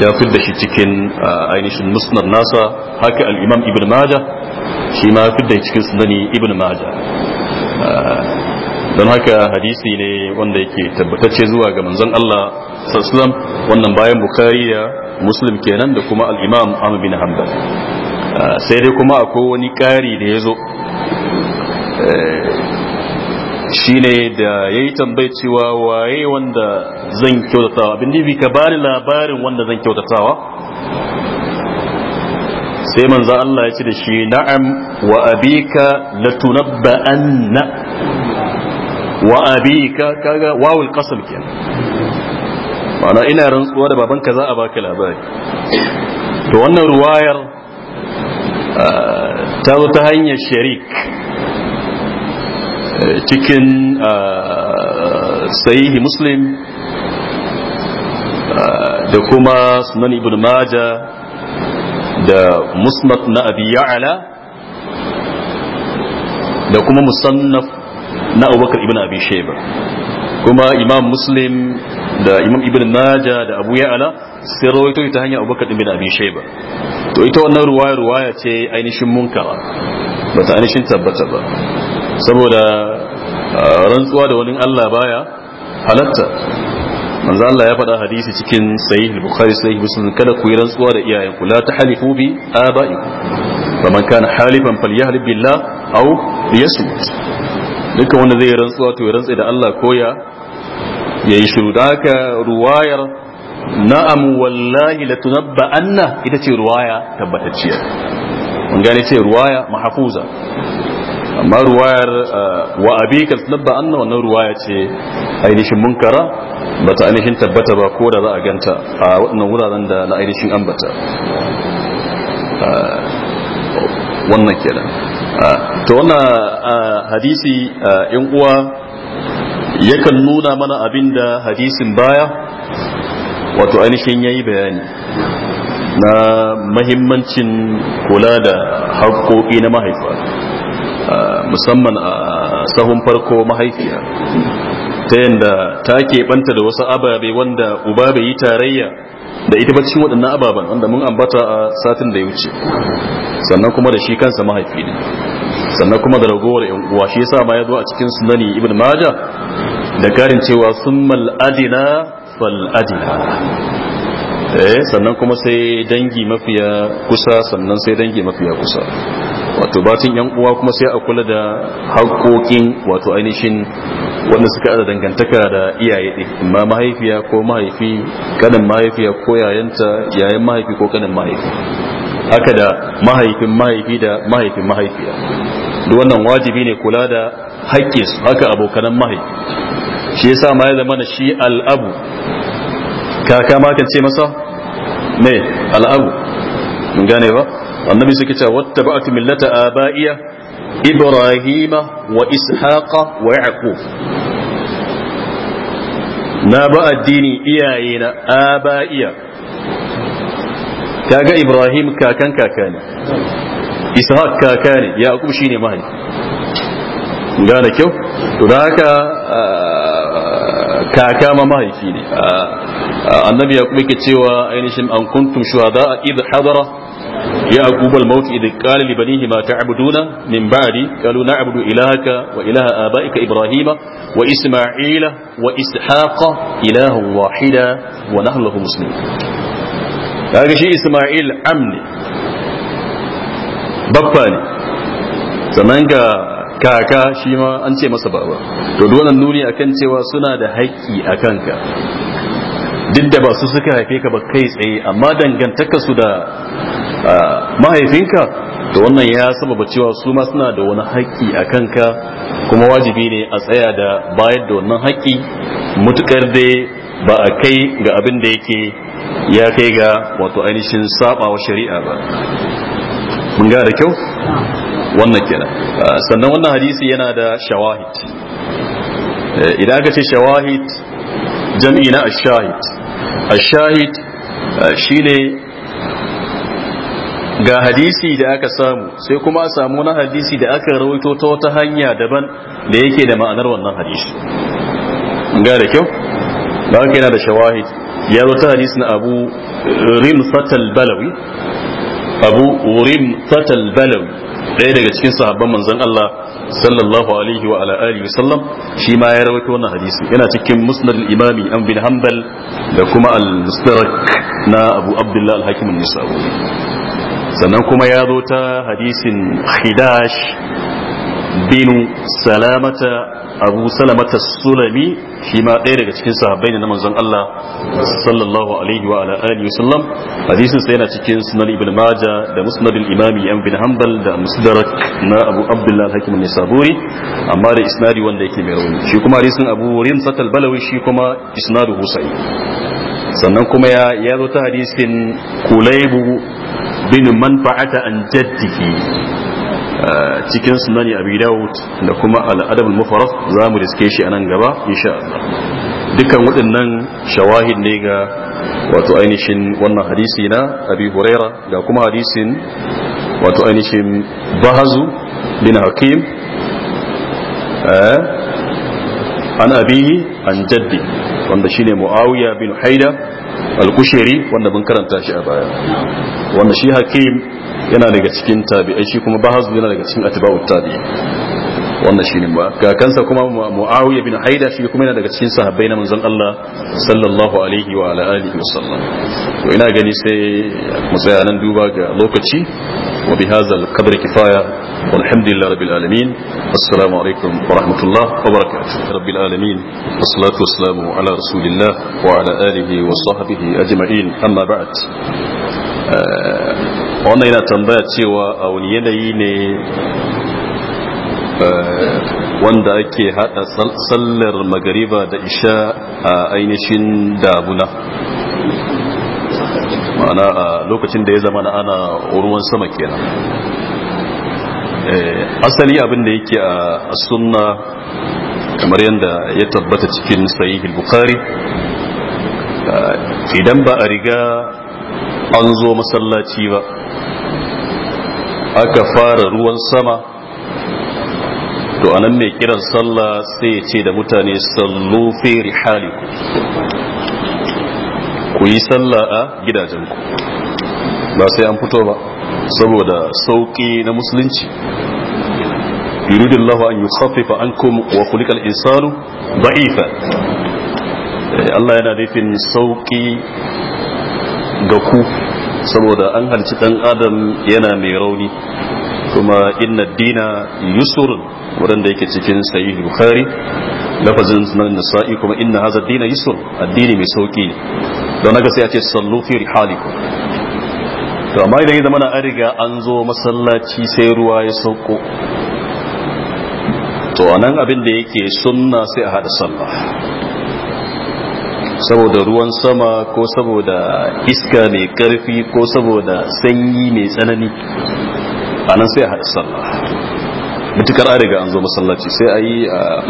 ya fidda shi cikin ainihin musnad nasa haka al ibn majah shi ma fidda cikin sunani ibn maja ah, don haka hadisi ne wanda yake tabbatacce zuwa ga manzon Allah sallallahu wannan bayan bukhari da muslim kenan da kuma al-imam ahmad bin hanbal ah, sai dai kuma akwai wani kari da ya zo eh, shi ne da ya yi tambayi cewa waye wanda zan kyautatawa abin bi ka bani labarin wanda zan kyautatawa sai manzan Allah ya ce da shi na'am wa abika latunabba anna wa abika kaga wawul qasam kenan ma'ana ina rantsuwa da babanka za a baka labari to wannan ruwayar ah, ta zo ta hanyar sharik eh, cikin ah, sahihi muslim ah, da kuma sunan ibn Maja. da musnad na abi ya'ala da kuma musannaf na abubakar ibn abi shaiba kuma imam muslim da imam ibn naja da abu ya'ala sai rawaito ta hanyar abubakar ibn abi shaiba to ita wannan ruwaya ruwaya ce ainihin munkara ba ta ainihin tabbata ba saboda ah, rantsuwa da wani allah baya halatta manzo Allah ya faɗa hadisi cikin sahih bukhari sahih muslim kada ku yi rantsuwa da iyayen ku la tahlifu bi abaikum faman kana halifan falyahlib billah aw liyasmut dukkan wanda zai yi rantsuwa to ya rantsa da Allah ko ya yayi shiru da haka ruwayar na'am wallahi latunabba anna ita ce ruwaya tabbatacciya mun gane ce ruwaya mahfuza amma ruwayar uh, wa abika tunabba anna wannan ruwaya ce ainihin munkara ba ta ainihin tabbata ba ko da za a ganta a waɗannan wuraren da na ainihin ambata uh, wannan kenan uh, to wannan hadisi yan uwa yakan nuna mana abin da hadisin baya wato ainihin yayi bayani na mahimmancin kula da haƙoƙi na mahaifa musamman a sahun farko mahaifiya ta yadda ta ke keɓanta da wasu ababe wanda uba bai yi tarayya da ita bacci waɗannan ababen wanda mun ambata a satin da ya wuce sannan kuma da shi kansa mahaifi ne sannan kuma da ragowar yan uwa shi yasa ma ya zo a cikin sunani ibn maja da karin cewa summal adina fal adina eh, sannan kuma sai dangi mafiya kusa sannan sai dangi mafiya kusa wato batun yan uwa kuma sai a kula da haƙoƙin wato ainihin wanda suka ada dangantaka da iyaye ɗin amma mahaifiya ko mahaifi kanin mahaifiya ko yayanta yayan mahaifi ko kanin mahaifi haka da mahaifin mahaifi da mahaifin mahaifiya duk wannan wajibi ne kula da su haka abokanan mahaifi shi yasa ma ya zama shi al'abu kaka ma kan ce masa me al'abu mun gane ba annabi sai kace wattaba'tu millata aba'iya ibrahima wa ishaqa wa yaqub na ba addini iyaye na aba'iya kaga ibrahim kakan kaka ne ishaq kaka ne yaqub shine mahaifi gane kyau to da haka kaka ma mahaifi ne annabi yaqub yake cewa ainihin an kuntum shuhada id hadara يعقوب الموت إذ قال لبنيه ما تعبدون من بعدي قالوا نعبد إلهك وإله آبائك إبراهيم وإسماعيل وإسحاق إله واحدا ونحن له مسلمون هذا شيء إسماعيل أمني باباني sannan ga kaka shi ma an ce masa baba to dole nuni akan cewa suna da haƙƙi a kanka duk da ba su suka haife ka ba kai tsaye amma dangantaka su da mahaifinka da wannan ya sababa cewa su ma suna da wani haƙƙi a kanka kuma wajibi ne a tsaya da bayar da wannan haƙƙi mutukar da ba a kai ga abin da yake ya kai ga wato ainihin wa shari'a ba mun ga da kyau wannan kenan sannan wannan hadisi yana da shawahid e, idan aka ce shawahid jam'i na ashahid ashahid e, shine ga hadisi da aka samu sai kuma a samu na hadisi da aka rawaito ta wata hanya daban da yake da ma'anar wannan hadisi ga da kyau ba ka yana da shawahid ya zo ta hadisi na abu Rim Fatal balawi abu Rim Fatal balawi ɗaya daga cikin sahabban manzon Allah sallallahu alaihi wa ala alihi sallam shi ma ya rawaito wannan hadisi yana cikin musnad imami an bin hanbal da kuma al mustarak na abu abdullah al-hakim an-nisa'i sannan kuma ya zo ta hadisin khidash binu salamata abu salamata sulami shi ma ɗaya daga cikin sahabbai ne na manzon Allah sallallahu alaihi wa ala alihi wasallam hadisin yana cikin sunan ibn maja da musnad al-imami an bin hanbal da musdarak na abu abdullah al-hakim an amma da isnadi wanda yake mai rauni shi kuma hadisin abu rimsat satal balawi shi kuma isnadu husai sannan kuma ya zo ta hadisin kulaybu bin manfa'ata an jaddihi cikin sunani abi dawud da kuma al'adab al-mufarrad za mu riske shi a nan gaba insha Allah dukan waɗannan shawahid ne ga wato ainihin wannan hadisi na abi huraira da kuma hadisin wato ainihin bahazu bin hakim eh, an abihi an jaddi wanda shine muawiya bin haida al-kushiri wanda mun karanta shi a baya wanda shi hakim yana daga cikin tabi'ai shi kuma bahaz yana daga cikin atba'u tabi'i wannan shine ba kakansa kuma muawiya bin haida shi kuma yana daga cikin sahabbai na manzon Allah sallallahu alaihi wa ala alihi wasallam to ina gani sai mu tsaya nan duba ga lokaci wa bihazal qadri kifaya والحمد لله رب العالمين السلام عليكم ورحمة الله وبركاته رب العالمين والصلاة والسلام على رسول الله وعلى آله وصحبه أجمعين أما بعد wannan yana tambaya cewa a wani yanayi ne eh, wanda ake hada sallar magariba da isha a ainihin damuna ma'ana a lokacin da ya zama na ana ruwan sama kenan Eh, asali abin da yake a sunna kamar yadda ya tabbata cikin sahih bukhari eh, idan ba a riga an zo masallaci ba aka fara ruwan sama to anan mai kiran sallah sai ya ce da mutane sallu fi rihali ku yi sallah a gidajenku ba sai an fito ba saboda sauƙi na musulunci yuridillahu an yukhaffifa ankum wa khuliqal insanu da'ifa eh, Allah yana nufin sauƙi ga ku saboda an halci dan adam yana mai rauni kuma inna dina yusurun wadanda yake cikin sahih bukhari lafazin sunan nasa'i kuma inna hadha dina yusur addini mai sauki ne don haka sai a ce sallu fi rihalikum to amma idan ya zama na an riga an zo masallaci sai ruwa ya sauko to nan abin da yake sunna sai a hada sallah saboda ruwan sama ko saboda iska mai karfi ko saboda sanyi mai tsanani a nan sai a hada sallah mutukar an riga an zo masallaci sai a yi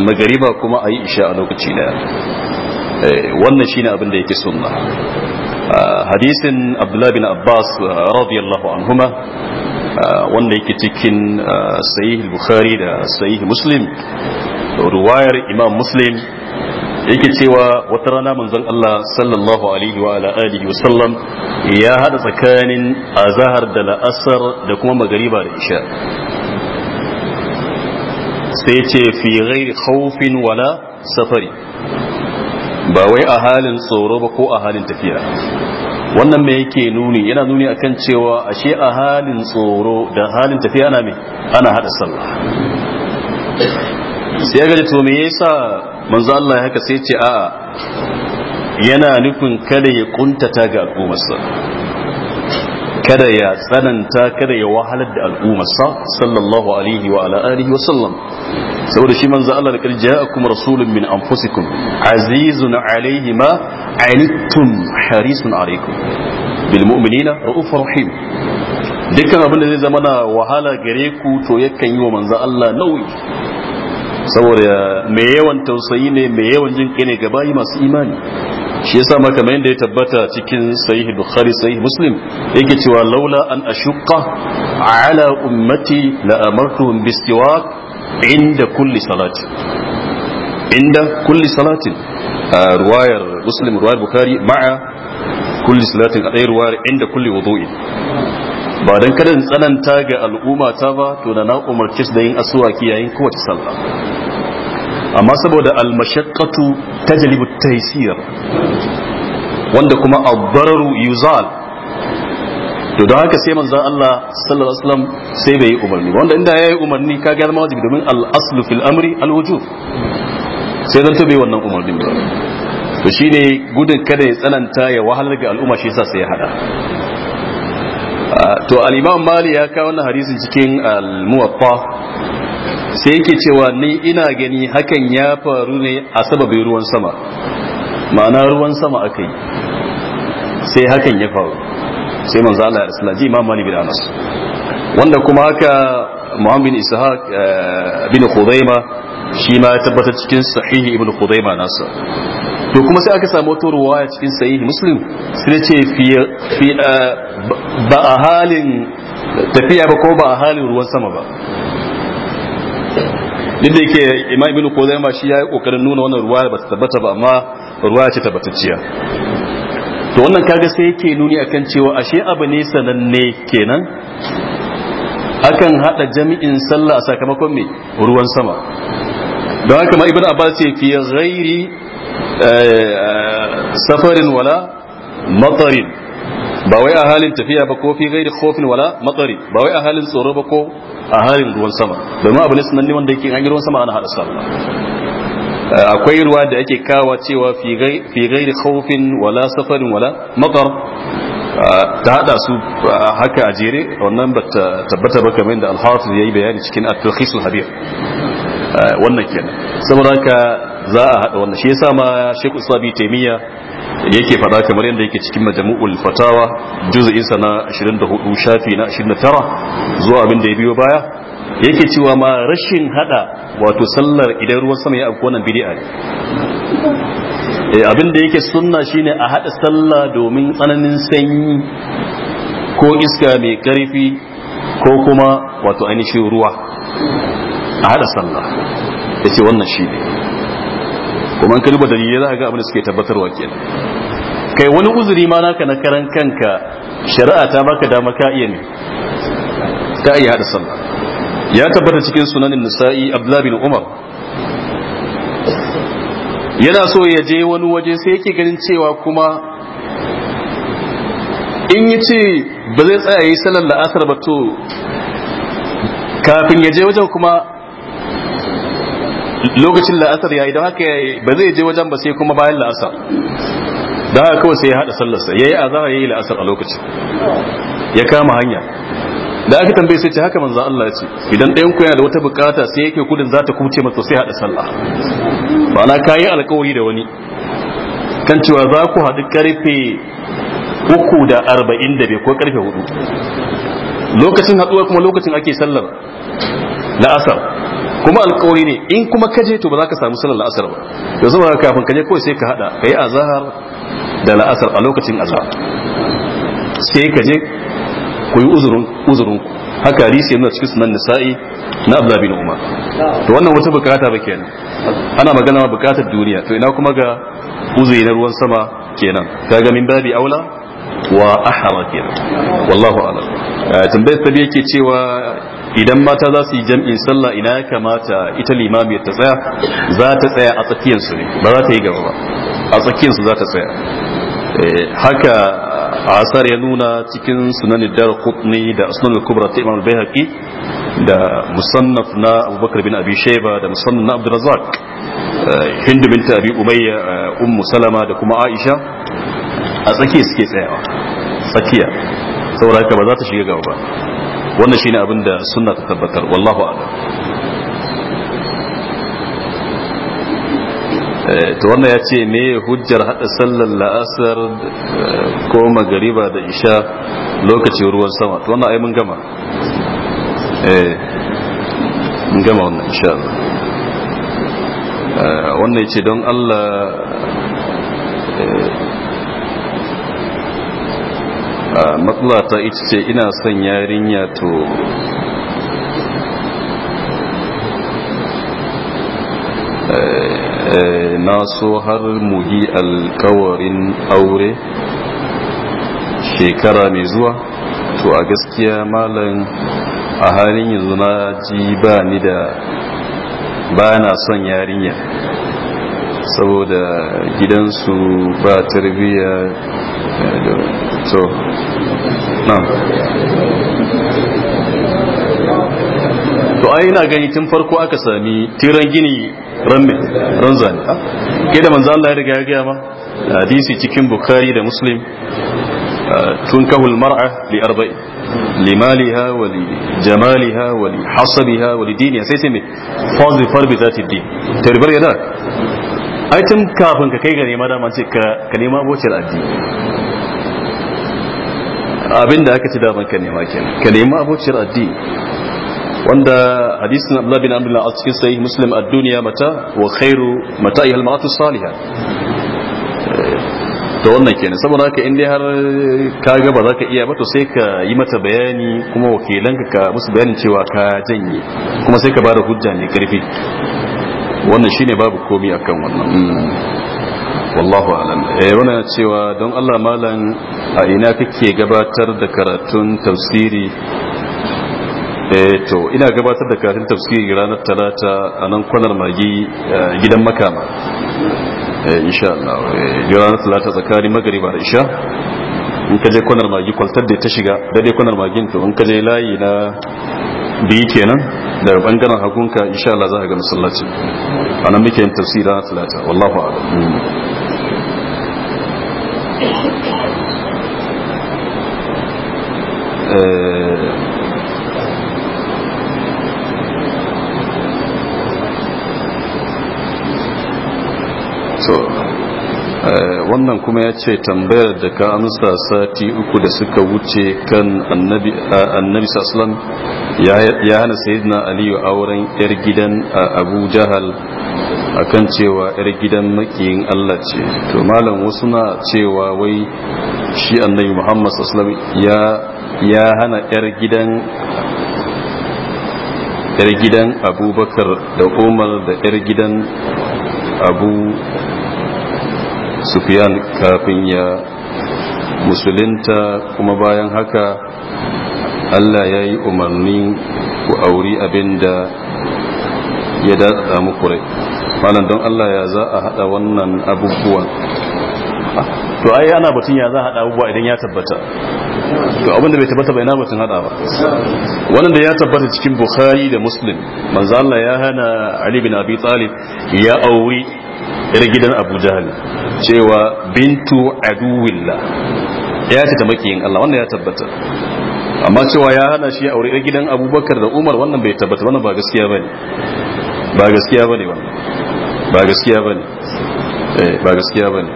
magariba kuma a yi isha a lokaci daya Eh, wannan shine abin da yake sunna ah, hadisin abdullahi bin abbas ah, radiyallahu anhuma ah, wanda yake cikin sahih bukhari da sahih muslim ruwayar imam muslim yake cewa wata rana manzon Allah sallallahu alaihi wa ala alihi wa sallam ya hada tsakanin azhar da la'asar da kuma magariba da isha sai ce fi ghairi khawfin wala safari ba wai a halin tsoro ba ko a halin tafiya wannan mai yake nuni yana nuni akan cewa ashe a halin tsoro da halin tafiya ana me ana hada sallah sai ga to me yasa manzo Allah ya haka sai ce a yana nufin kada ya kuntata ga sa kada ya tsananta kada ya wahalar da al'umma sallallahu alaihi wa ala alihi wa sallam saboda shi manzo Allah laqad ja'akum rasulun min anfusikum azizun alaihi ma anittum harisun alaikum bil mu'minina raufur rahim dukkan abin da zai zama na wahala gare ku to yakan yi wa manzo Allah nauyi saboda mai yawan tausayi ne mai yawan jin kai ne ga bayi masu imani shi yasa ma kamar yadda ya tabbata cikin sahih bukhari sahih muslim yake cewa laula an ashqa ala ummati la amartuhum bistiwak inda kulli salati inda kulli salatin ruwayar muslim ruwayar bukhari ma'a kulli salatin a ɗaya ruwayar inda kulli wudu'in ba don kada tsananta ga al'umma ta ba to da na umarci da yin asuwaki yayin kowace sallah amma saboda al-mashaqqatu tajlibu taysir wanda kuma ad-dararu yuzal to don haka sai manzo Allah sallallahu alaihi wasallam sai bai yi umarni wanda inda yayi umarni ka ga wajibi domin al-aslu fil amri al-wujub sai zan bai wannan umarnin ba to shine gudun kada ya tsananta ya wahalar ga al'umma shi yasa sai ya hada to al-imam mali ya kawo wannan hadisin cikin al-muwatta sai yake cewa ni ina gani hakan ya faru ne a sababin ruwan sama ma'ana ruwan sama aka yi sai hakan ya faru sai manzo Allah ya ji imam mali bin anas wanda kuma haka muhammad ishaq eh, bin khudaima shi ma ya tabbata cikin sahihi ibn khudaima nasa to kuma sai aka samu wata ruwaya cikin sahihi muslim sai ce fi eh, ba a halin tafiya ba ko ba a halin ruwan sama ba duk da yake imam ibnu kuzaima shi yayi kokarin nuna wannan ruwa ba ta tabbata ba amma ruwa ce tabbatacciya to wannan kaga sai yake nuni akan cewa ashe abu ne sananne kenan akan hada jami'in sallah a sakamakon me ruwan sama don haka ma ibnu abbas ce fi ghairi eh, safarin wala matarin ba wai a halin tafiya ba ko fi gairi khofin wala matsari ba wai a halin tsoro ba ko a halin ruwan sama domin abu ne sunan ne wanda yake an ruwan sama ana hada sa eh, akwai ruwa da ake kawa cewa fi gairi khofin wala safarin wala matsar eh, ta hada su eh, haka a jere wannan ba ta tabbata ba kamar da alhafiz ya yi bayani cikin at-tarhisul habir wannan kenan saboda haka za a hada wannan shi yasa ma Sheikh Usabi Taymiya yake fada kamar yadda yake cikin majamu'ul fatawa juz'in sana na 24 shafi na 29 zuwa abin da ya biyo baya yake cewa ma rashin hada wato sallar idan ruwan sama ya afko wannan bid'a ne eh, abin da yake sunna shine a hada sallah domin tsananin sanyi ko iska mai karfi ko kuma wato ainihin ruwa a hada sallah yace wannan shi kuma an da dalilai za a ga abin da suke tabbatarwa kenan kai wani uzuri ma naka na karan kanka shari'a ta baka dama ka iya ne ta iya hada sallah ya tabbata cikin sunan nisa'i abdullahi bin umar yana so ya je wani waje sai yake ganin cewa kuma in yi ce ba zai tsaya yi salar la'asar ba to kafin ya je wajen kuma lokacin la'asar ya yi don haka ba zai je wajen ba sai kuma bayan la'asar da haka kawai sai ya haɗa sallarsa zara ya yi la'asar a lokacin ya kama hanya da aka tambaye sai ce haka manza Allah ya ce idan ɗayan ku yana da wata bukata sai yake kuɗin za ta kuce masa sai haɗa sallah ba na kayi alkawari da wani kan cewa za ku haɗu karfe uku da arba'in da ko karfe hudu lokacin haɗuwa kuma lokacin ake sallar la'asar kuma alkawari ne in kuma ka je to ba za ka samu sallar la'asar ba da zama kafin ka je kawai sai ka hada ka yi azahar da la'asar a lokacin azahar sai ka je ku yi uzurin ku haka hadisi yana cikin sunan nisa'i na abdullah na umar to wannan wata bukata ba kenan ana magana ma bukatar duniya to ina kuma ga uzuri na ruwan sama kenan kaga min babi aula wa ahara kenan wallahu a'lam eh, tambayar ta yake cewa idan mata za su yi jam'in sallah ina ya kamata ita limami ta tsaya za ta tsaya a tsakiyarsu ne ba za ta yi gaba ba a tsakiyarsu za ta tsaya eh, haka a asar ya nuna cikin sunan dar kubni da sunan kubra ta imam al-bayhaqi da musannaf na abubakar bin abi shayba da musannaf na abdurrazzaq eh, hindu bin abi umayya eh, ummu salama da kuma aisha a tsakiya suke tsayawa tsakiya saboda haka ba za ta shiga gaba ba wannan shine abin da sunna ta tabbatar wallahu a'lam eh, to wannan ya ce me hujjar hada sallar la'asar eh, ko magariba da isha lokacin ruwan sama to wannan ai mun gama eh mun gama wannan insha Allah eh, wannan ya ce don Allah matsala ta ita ce ina son yarinya to eh, eh, na so har muhi alkawarin aure shekara mai zuwa to a gaskiya malam a halin yanzu na ji ba ni da ba na son yarinya saboda gidansu ba tarbiyya eh, so na'am to ai ina gani tun farko aka sami tiran gini ranme ranzani ah, ke da manzo Allah ya riga ya gaya ma hadisi cikin bukhari da muslim ah, tun kahul mar'a li li li arba'i maliha wa jamaliha wa li لمالها wa li ولدينها sai sai mai fazil farbi zati din tarbiyar yana ai tun kafin ka kai ga nema dama ce ka nema bocin addini abin da aka ci daman ka nema ke ka nema abociyar addini wanda hadisin Abdullah bin Abdullah a cikin sai Muslim ad duniya mata wa khairu mata yi maratu Saliha. Eh, to wannan kenan saboda haka in dai har ka ga ba za ka iya ba to sai ka yi mata bayani kuma wakilan ka musu bayanin cewa ka janye kuma sai ka ba da hujja ne karfi wannan shine babu komi akan wannan hmm. wallahu alam eh wannan cewa don Allah malam a ina kake gabatar da karatun tafsiri eh to ina gabatar da karatun tafsiri ranar talata a nan kwanar magi eh, gidan makama eh insha Allah eh ranar talata tsakanin magariba da isha in kaje kwanar magi kwaltar da ta shiga dade kwanar magin to in kaje layi na biyu kenan daga bangaren hagunka insha Allah za a ga masallaci anan muke yin tafsira ranar talata wallahu a'lam hmm. Eh, eh, wannan kuma ya ce tambayar da ka amsa sati uku da suka wuce kan annabi sassalam ya hana sayidina aliyu auren yar gidan abu jahal akan cewa yar gidan makiyin Allah ce to malam wasu na cewa wai shi annabi Muhammad sallallahu ya ya hana yar gidan yar gidan Abubakar da Umar da yar gidan Abu Sufyan kafin ya musulunta kuma bayan haka Allah ya yi umarni ku auri abinda ya daɗa muku kurai malam don Allah ya za a hada wannan abubuwan to ai ana batun ya za a hada abubuwa idan ya tabbata to abinda bai tabbata bai na batun hada ba wannan da ya tabbata cikin bukhari da muslim manzo Allah ya hana ali bin abi talib ya auri ir gidan abu jahal cewa bintu aduwillah ya ce ta makiyin Allah wannan ya tabbata amma cewa ya hana shi aure gidan abubakar da umar wannan bai tabbata wannan ba gaskiya bane ba gaskiya bane wannan ba gaskiya ba ne eh, ba gaskiya ba ne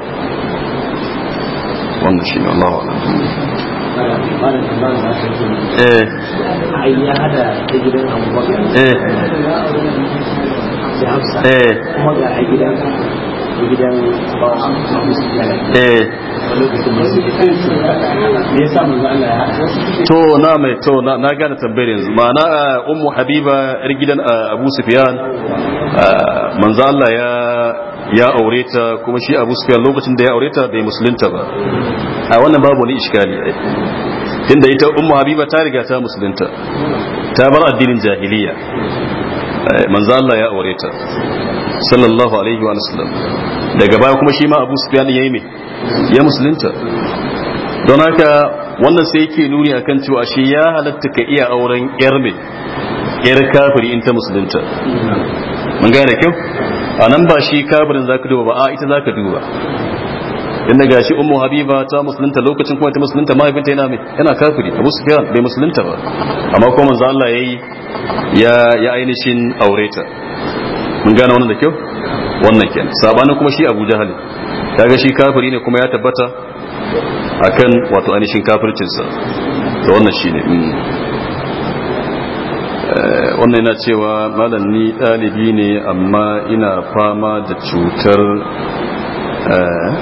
wannan shi ne Allah wa eh eh eh a Eh. to na mai to na gane tambayar yanzu ma'ana eh, ummu habiba yar gidan eh, abu sufiyan manzo Allah ya ya aure ta kuma shi abu sufiyan lokacin da ya aure ta bai musulunta ba a wannan babu wani iskali tunda ita ummu habiba ta riga ta musulunta ta bar addinin jahiliya Eh, manzo Allah ya aure ta sallallahu alaihi wa sallam daga baya kuma shi ma Abu Sufyan yayi me ya musulunta don haka wannan sai yake nuni akan cewa shi ya halatta ka iya auren yar me yar kafiri in ta musulunta mun gane kyau a nan ba shi kafirin zaka duba ba a ita zaka duba inda gashi ummu habiba ta musulunta lokacin kuma ta musulunta mahaifinta yana mai yana kafiri abu sufyan bai musulunta ba amma kuma manzo Allah yayi ya ya ainihin aureta mun gane wannan da kyau wannan kenan sabanin kuma shi Abu Jahal kaga shi kafiri ne kuma ya tabbata akan wato ainihin kafircinsa to wannan shine mm. eh, wannan yana cewa malam ni dalibi ne amma ina fama da cutar eh,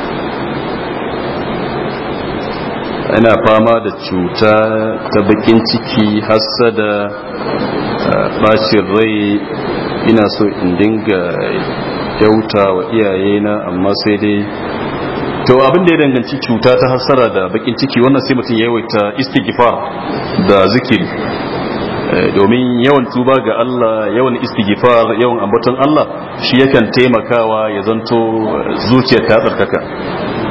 Ana fama da cuta ta bakin ciki hassada eh, bacin rai ina so in dinga kyauta wa iyayena amma sai dai to abin da ya danganci cuta ta hassara da bakin ciki wannan sai mutum ya yawaita istighfar da zikiri eh, domin yawan tuba ga Allah yawan istighfar yawan ambaton Allah shi yakan taimakawa ya zanto eh, zuciya ta tsarkaka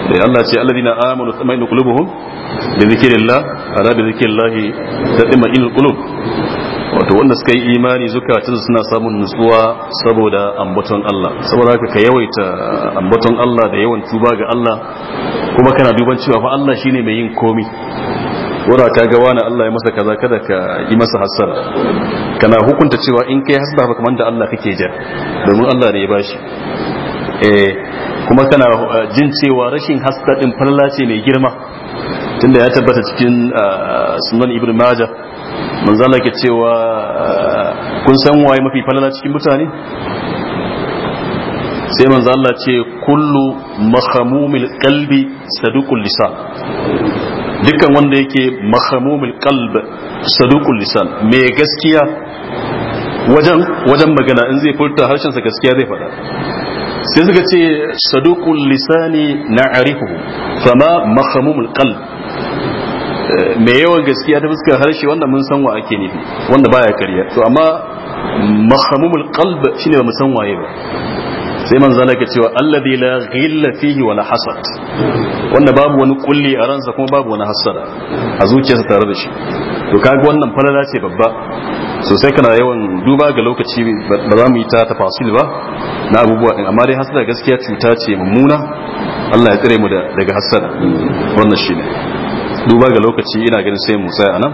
Eh, Allah ce alladina amanu tsammanin qulubuhum bi zikrillah ala bi zikrillah tatma'innul qulub wato wanda suka yi imani zukatun suna samun nutsuwa saboda ambaton Allah saboda haka ka yawaita ambaton Allah da yawan tuba ga Allah kuma kana duban cewa fa Allah shine mai yin komi wanda ka ga wani Allah ya masa kaza kada ka yi masa hasara kana hukunta cewa in kai hasara ba kamar da Allah kake jar domin Allah ne ya bashi eh kuma kana uh, jin cewa rashin haska din falala ce mai girma tunda ya tabbata cikin uh, sunan ibn majah manzo Allah ke cewa uh, kun san waye mafi falala cikin mutane sai manzo Allah ce kullu mahamumil qalbi saduqul lisan dukkan wanda yake mahamumil qalbi saduqul lisan mai gaskiya wajen wajen magana in zai furta harshen sa gaskiya zai faɗa sai suka ce saduqul lisani na arihu fama mahmumul mulkal eh, mai yawan gaskiya ta fuskar harshe wanda mun san wa ake nufi wanda baya karya. to amma mahmumul qalb shine ba mu san waye ba sai man zala ke cewa alladhi la ghilla fihi wala hasad wanda babu wani kulli a ransa kuma babu wani hasada a zuciyarsa tare da shi to kaga wannan falala ce babba sosai kana yawan duba ga lokaci ba za mu yi ta tafasil ba na abubuwa din amma dai hasada gaskiya cuta ce mummuna Allah ya tsare mu daga hasada wannan shine duba ga lokaci ina ganin sai musa tsaya anan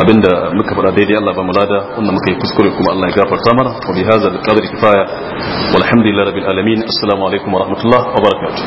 abinda muka fada daidai Allah ba mulada lada wanda muka yi kuskure kuma Allah ya gafarta mana wa bi hadha al-qadri kifaya walhamdulillahi rabbil alamin assalamu alaikum wa rahmatullahi wa barakatuh